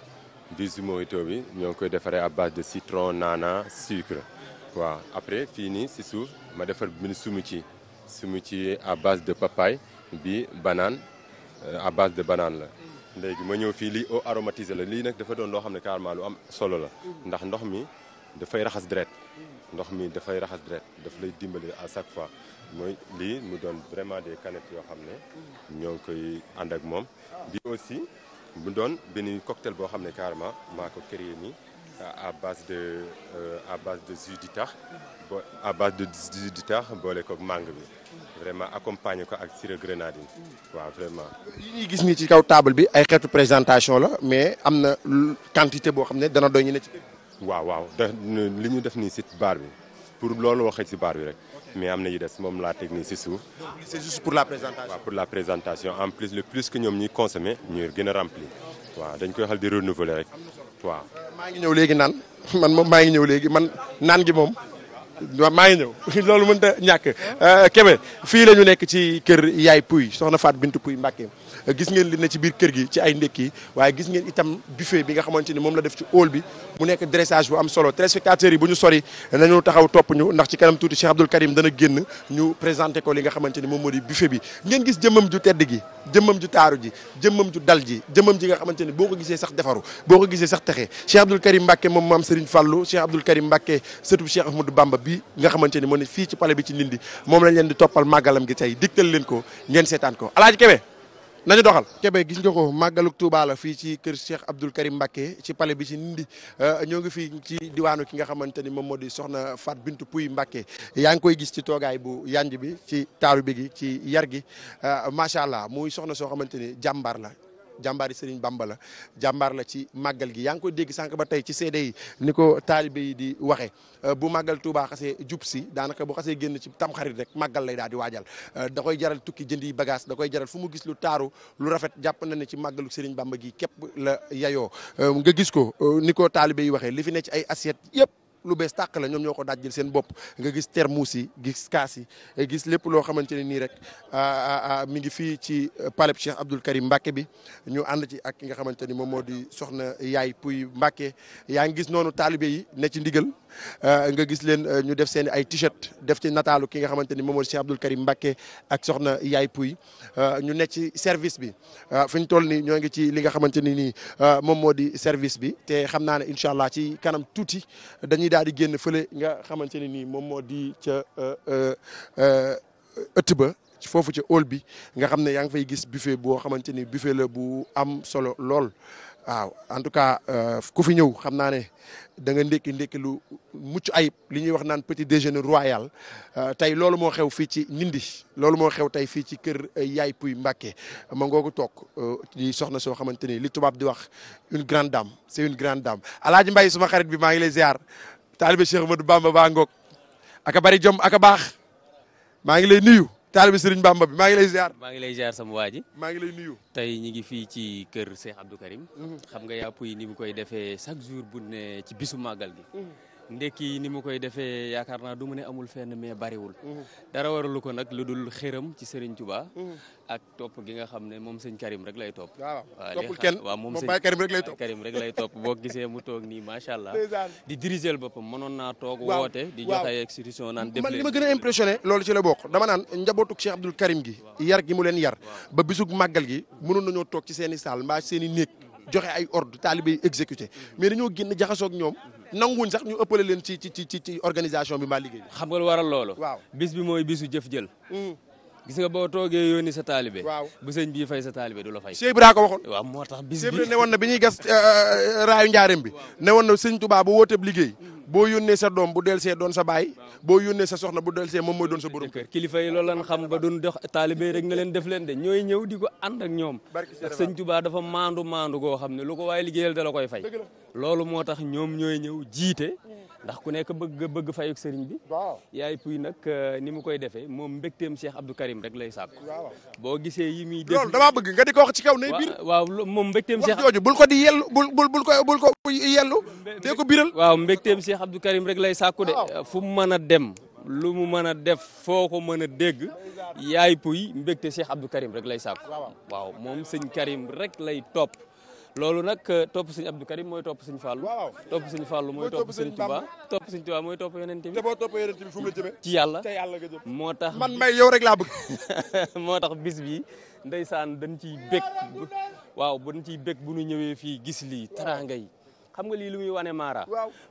virgin mojito bi ñoo ngi koy defaree à base de citron nana sucre waaw après fii nii si suuf ma defar ci smoothie ci à base de papaye bi banaan euh, à base de banane la léegi ma ñëw fii lii eau aromatisée la lii nag dafa doon loo xam ne carrément lu am solo la ndax ndox mi dafay raxas deret ndox mi dafay raxas deret daf lay dimbali à chaque fois mooy lii mu doon vraiment des canettes yoo xam ne ñoo ngi koy ànd ak moom bi aussi mu doon benn cocktail boo xam ne carrément maa ko créé nii à base de euh, à base de jus ditax bo à base de jus ditax boole ko màng bi vraiment accompagner ko ak sirop grenadine waaw vraiment. yi ñuy gis nii ci kaw table bi ay xeetu présentation la mais am na quantité boo xam ne dana doy ñu ne waaw waaw da li ñu def nii sit baar bi pour loolu waxee si baar bi rek mais am na yu des moom laa teg nii si suuf. c'est juste pour la présentation. waaw pour la présentation en plus le plus que ñoom ñuy consommer ñu gën a rempli waaw dañ koy xal di renouveler rek waaw. Euh, maa ngi ñëw léegi naan man moom maa ngi ñëw léegi man naan gi moom. maa ngi ñëw loolu mënut a ñàkk euh, Kébé fii la ñu nekk ci kër Yaay Pouy soxna Faat Bintu Pouy Mbàkke gis ngeen li ne ci biir kër gi ci ay ndekki waaye gis ngeen itam buffet bi nga xamante ni moom la def ci hall bi mu nekk dressage bu am solo téléspectateurs yi bu ñu sori nañu taxaw topp ñu ndax ci kanam tuuti Cheikh Abdoul Karim dana génn ñu ko li nga xamante ni moom moo di buffet bi ngeen gis jëmmam ju tedd gi jëmmam ju taaru ji jëmmam ju dal ji jëmmam ji nga xamante ni boo ko gisee sax defaru boo ko gisee sax texe Cheikh Abdoul Karim Mbacké moom maam Serigne Fallou Cheikh Abdoul Karim Mbacké sëtub Cheikh Ahmadou Bamba bi nga xamante ni moo ne fii ci pale bi ci Ndindy moom lañ leen di toppal magalam gi tey digtal leen ko ngeen seetaan ko alaaji Kebe nañu doxal kebe gis nga ko màggaluk Touba la fii ci kër Cheikh Abdoul Karim Mbacké ci pale bi ci Ndindi euh, ñoo ngi fii ci diwaanu ki nga xamante ni moom moo di soxna Fat Bintou Pouy Mbacké yaa ngi koy gis ci toogaay bu yanj bi ci taaru bi gi ci yar gi euh, macha allah muy soxna soo xamante ni jàmbaar la jàmbaari Serigne Bamba la jàmbaar la ci màggal gi yaa ngi koy dégg sànq ba tey ci seede yi ni ko taalibe yi di waxe euh, bu màggal Touba xasee jub si daanaka bu xasee génn ci tamxarit rek màggal lay daal di waajal euh, da koy jaral tukki yi bagage da koy jaral fu mu gis lu taaru lu rafet jàpp na ne ci màggalu Serigne Bamba gi képp la yayoo euh, nga gis ko ni ko taalibe yi waxee li fi ne ci ay assiette yëpp lu bees tàq la ñoom ñoo ko daaj jël seen bopp nga gis termus yi gis kaas yi gis lépp loo xamante ne nii rek mi ngi fii ci palais Cheikh Abdoul Karim Mbacké bi ñu ànd ci ak ki nga xamante ni moom moo di soxna yaay puy Mbacké yaa ngi gis noonu taalibe yi ne ci ndigal nga gis leen ñu def seen ay t def ci nataalu ki nga xamante ni moom moo di Cheikh Abdoul Karim Mbacké ak soxna yaay puy ñu ne ci service bi fi ñu toll nii ñoo ngi ci li nga xamante ni nii moom moo di service bi te xam naa ne incha allah ci kanam tuuti dañuy daal di génn fële nga xamante ne nii moom moo di ca euh, euh, euh, ëtt ba foofu ca hall bi nga xam ne yaa ngi fay gis buffet boo xamante ni buffet la bu am solo lool waaw en tout cas ku fi ñëw xam naa ne da nga ndékki ndékki lu mucc ayib li ñuy wax naan petit jeunes royal tey loolu moo xew fii ci Ndindy loolu moo xew tey fii ci kër Yaay Puy Mbàkke ma ngoo ko toog di soxna soo xamante ni li tubaab di wax une grande dame c'est une grande dame Alaaji Mbay suma xarit ngi taalibe a Ahmadou Bamba baa ngoog aka bari jom aka baax maa ngi lay nuyu taalibe Serigne Bamba bi maa ngi lay ziar. maa ngi lay ziar sama waa ji. maa ngi lay nuyu. tey ñu ngi fii ci kër Cheikh Abdou Karim. Mhm. xam nga yàpp yi ni mu koy defee chaque jour bu ne ci bisu màggal gi. Mhm. ndekki ni mu koy defee yaakaar naa du mu ne amul fenn mais bariwul. Mhm. dara waralu ko nag lu dul xëram ci Serigne Touba. Mhm. ak topp gi nga xam ne moom sëñ Karim rek lay topp. waaw kenn waaw moom sëñ Karim rek lay topp Karim rek lay topp boo gisee mu toog nii macha allah. di diriger boppam mënoon naa toog. woote di jox ay exécution naan def man li ma gën loolu ci la bokk dama naan njabootu Cheikh Abdoul Karim gi. yar gi mu leen yar. ba bisug màggal gi mënoon nañoo toog ci seen i saal mbaa seeni i joxe ay ordre taalibe yi mm-hmm. mais dañoo génn jaxasoo ñoom nanguwuñ sax ñu ëppale leen ci ci ci ci organisation bi mbaa liggéey bi. xam nga lu waral loolu. waaw bis bi mooy bisu jëf jël. Mm. gis nga boo toogee yónni sa taalibe. waaw bu sëñ bii fay sa taalibe du la fay. Cheikh ko waxoon. waaw moo tax bis bi ne woon na bi ñuy gas euh, euh, raayu njaareem bi. ne woon na sëñ Tuubaa bu wooteeb liggéey. Mm. boo yónnee sa doom bu delsee doon sa baay boo yónnee sa soxna bu delsee moom mooy doon sa borom kër kilifa yi loolu lañ xam ba doon dox taalibe rek na leen def leen de ñooy ñëw di ko ànd ak ñoom ak sëñ Tuubaa dafa maandu maandu goo xam ne lu ko waaye liggéeyal da la koy fay loolu moo tax ñoom ñooy ñëw jiite mm. ndax ku nekk bëgg bëgg fayuk sëriñ bi yaay puy nag euh, ni mu koy defee moom mbégteem Cheikh Abdou Karim rek lay sàkk boo gisee yi muy def damaa bëgg nga di ko ci kaw nay biir waaw moom mbégteem Cheikh jooju bul ko di yellu bul bul bul ko bul ko yellu te ko biral waaw mbégteem Cheikh Abdou Karim rek lay sàkku de fu mu mën a dem lu mu mën a def foo ko mën a dégg yaay puy mbégte Cheikh Abdou Karim rek lay sàkku waaw moom sëñ Karim rek lay topp loolu nag euh, topp sëñ Abdou Karim mooy topp sëñ Fallou waaw topp sëñ Fallou mooy topp sëñ Touba topp sëñ Touba mooy topp yonent bi te boo topp yonent bi fu mu la jëmee ci yàlla te yàlla moo tax man may yow rek laa bëgg moo tax bis bi ndeysaan dañ ci bég waaw dañ ciy bég bu ñu ñëwee fii gis lii teraanga yi xam nga lii lu muy wane Mara.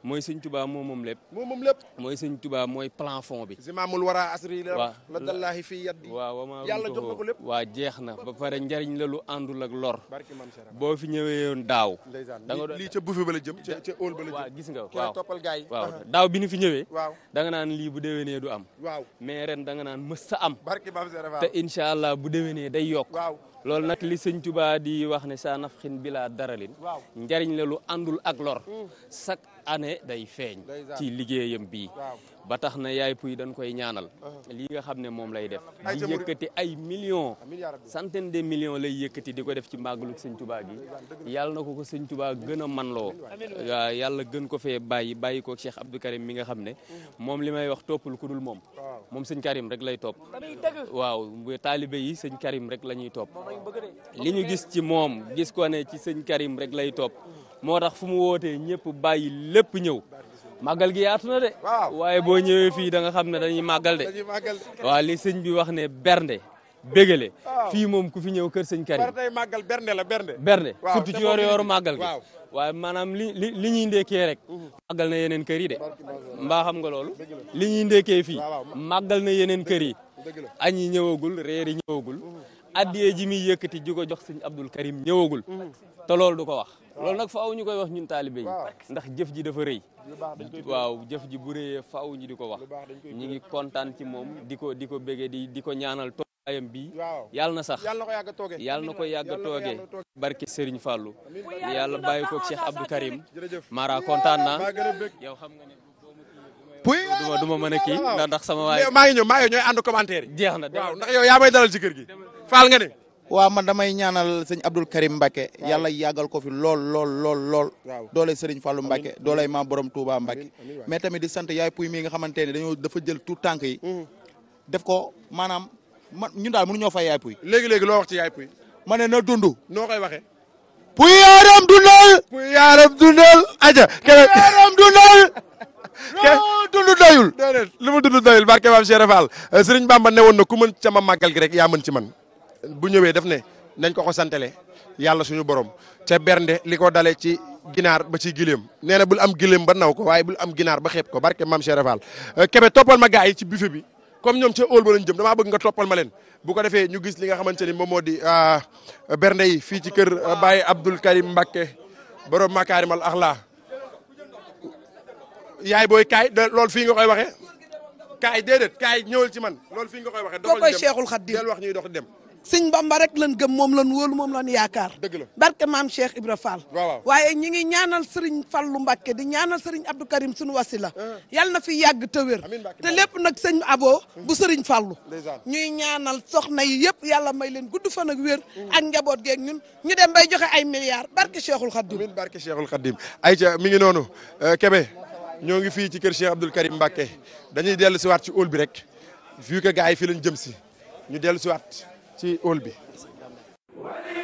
mooy sëñ Tuubaa moo moom lépp. moo moom lépp. mooy sëñ Tuubaa mooy plan fond bi. zimaamul wara asri la. la dallaahi fii yaddi. waaw waaw yàlla jox na waa jeex na ba pare njariñ la lu àndul ak lor. boo fi ñëwee yoon daaw. da nga doon lii ca bufe ba la jëm ca gis nga waaw toppal gars yi. waaw daaw bi ñu fi ñëwee. waaw da naan lii bu déwénee du am. waaw mais ren da nga naan mës sa am. te incha allah bu déwénee day yokk. waaw loolu nag li sëñ Tuubaa di wax ne saa nafxin bi laa daralin njariñ la lu àndul ak lor mm. chaque année day feeñ ci liggéeyam bii ba tax na yaay puy dañ koy ñaanal uh-huh. lii nga xam ne moom lay def di yëkkati ay millions centaine de million lay yëkkati di ko def ci màggalu sëñ tubaa gi yàlla na ko ko sëñ tubaa gën a man loo yàlla gën ko fee bàyyi bàyyi ko Cheikh Abdou Karim mi nga xam ne uh-huh. moom li may wax toppul ku dul moom moom sëñ Karim rek lay topp waaw taalibe yi sëñ Karim rek la ñuy topp li ñu gis ci moom gis ko ne ci sëñ Karim rek lay topp uh-huh. moo tax fu mu wootee ñëpp bàyyi lépp ñëw màggal gi yaatu na de. waaw waaye boo ñëwee fii da nga xam ne dañuy màggal de. dañuy màggal de li sëñ bi wax ne bernde. bégale fii moom ku fi ñëw kër sëñ Karim. par tey màggal bernde la bernde. bernde surtout ci yor-yoru màggal gi. waaye maanaam li li li ñuy ndekkee rek. Mhm. màggal na yeneen kër yi de. mbaa xam nga loolu. li ñuy ndekkee fii. màggal na yeneen kër yi. añ yi ñëwagul reer yi ñëwagul. Mhm. addiye ji muy yëkkati ji ko jox sëñ Abdul Karim ñëwagul. Mhm. te loolu du ko wax. loolu nag faaw ñu koy wax ñun taalibe yi ndax jëf ji dafa rëy waaw jëf ji bu rëyee faaw ñu di ko wax ñi ngi kontaan ci moom di ko di ko béggee di di ko ñaanal ayam bi yàlla na sax yàlla na ko yàgg a tooge barke Serigne Fallou yàlla bàyyi ko Cheikh Abdou Karim Mara kontaan naa yow xam nga ne puy duma duma mën a kii ndax sama waay maa ngi ñëw maa ngi ñooy ànd commentaire jeex na waaw ndax yow yaa may dalal ci kër gi faal nga ne waaw man damay ñaanal sëñ Abdul Karim mbake yàlla yàggal ko fi lool lool lool lool. waaw doole Serigne Fallou Mbacke doole ma borom Touba Mbacke. mais tamit di sant yaay puy mi nga xamante ne dafa jël tout tànk yi. Mm-hmm. def ko maanaam man ñun daal ñoo fay yaay puy. léegi léegi loo wax ci yaay puy. ma ne na dund. noo koy waxe puy yaaram dundal. puy aja keneen puy yaaram dundal. non dund doyul. déedéet lu mu dund doyul barke maam Cheikh Fall euh, Serigne Bamba newoon na ku mën ca ma màggal gi rek yaa mën ci man bu ñëwee daf ne nañ ko ko santale yàlla suñu borom ca bernde li ko dale ci ginaar ba ci gileem nee na bul am gileem ba naw ko waaye bul am ginaar ba xeeb ko barke mam Cheikh Fall euh, Kébé toppal ma gaa yi ci buffet bi comme ñoom ca óol ba lañ jëm damaa bëgg nga toppal ma leen bu ko defee ñu gis li nga xamante ni moom moo di euh, bernde yi fii ci kër euh, Baye Abdoul Karim Mbacké borom makaarimal axlaa yaay booy kaay de loolu fii nga koy waxee kaay déedéet kaay ñëwal ci man loolu fii nga koy waxee. doxal dem Cheikhul wax ñuy dox dem. sëñ Bamba rek lan gëm moom lan wóolu moom lan yaakaar dëgg la barke maam Cheikh Ibra Fall waaye ñi ngi ñaanal sëriñ Fallu Mbakke di ñaanal sëriñ Abdou Karim suñu wasila ah. yal na fi yàgg te wér te lepp nag sëñ Abo mm. bu sëriñ Fallu ñuy ñaanal soxna yi yëpp yàlla may leen gudd fan ak wér mm. ak njaboot geek ñun ñu dem bay joxe ay milliards barke Cheikhul Khadim amiin barke Cheikhul Khadim ayca mi ngi noonu euh, Kébé ñoo ngi fii ci kër Cheikh Abdoul Karim Mbakke dañuy dellu si ci óol bi rek vu que yi fii lañ jëm si ñu dellu si ci hall bi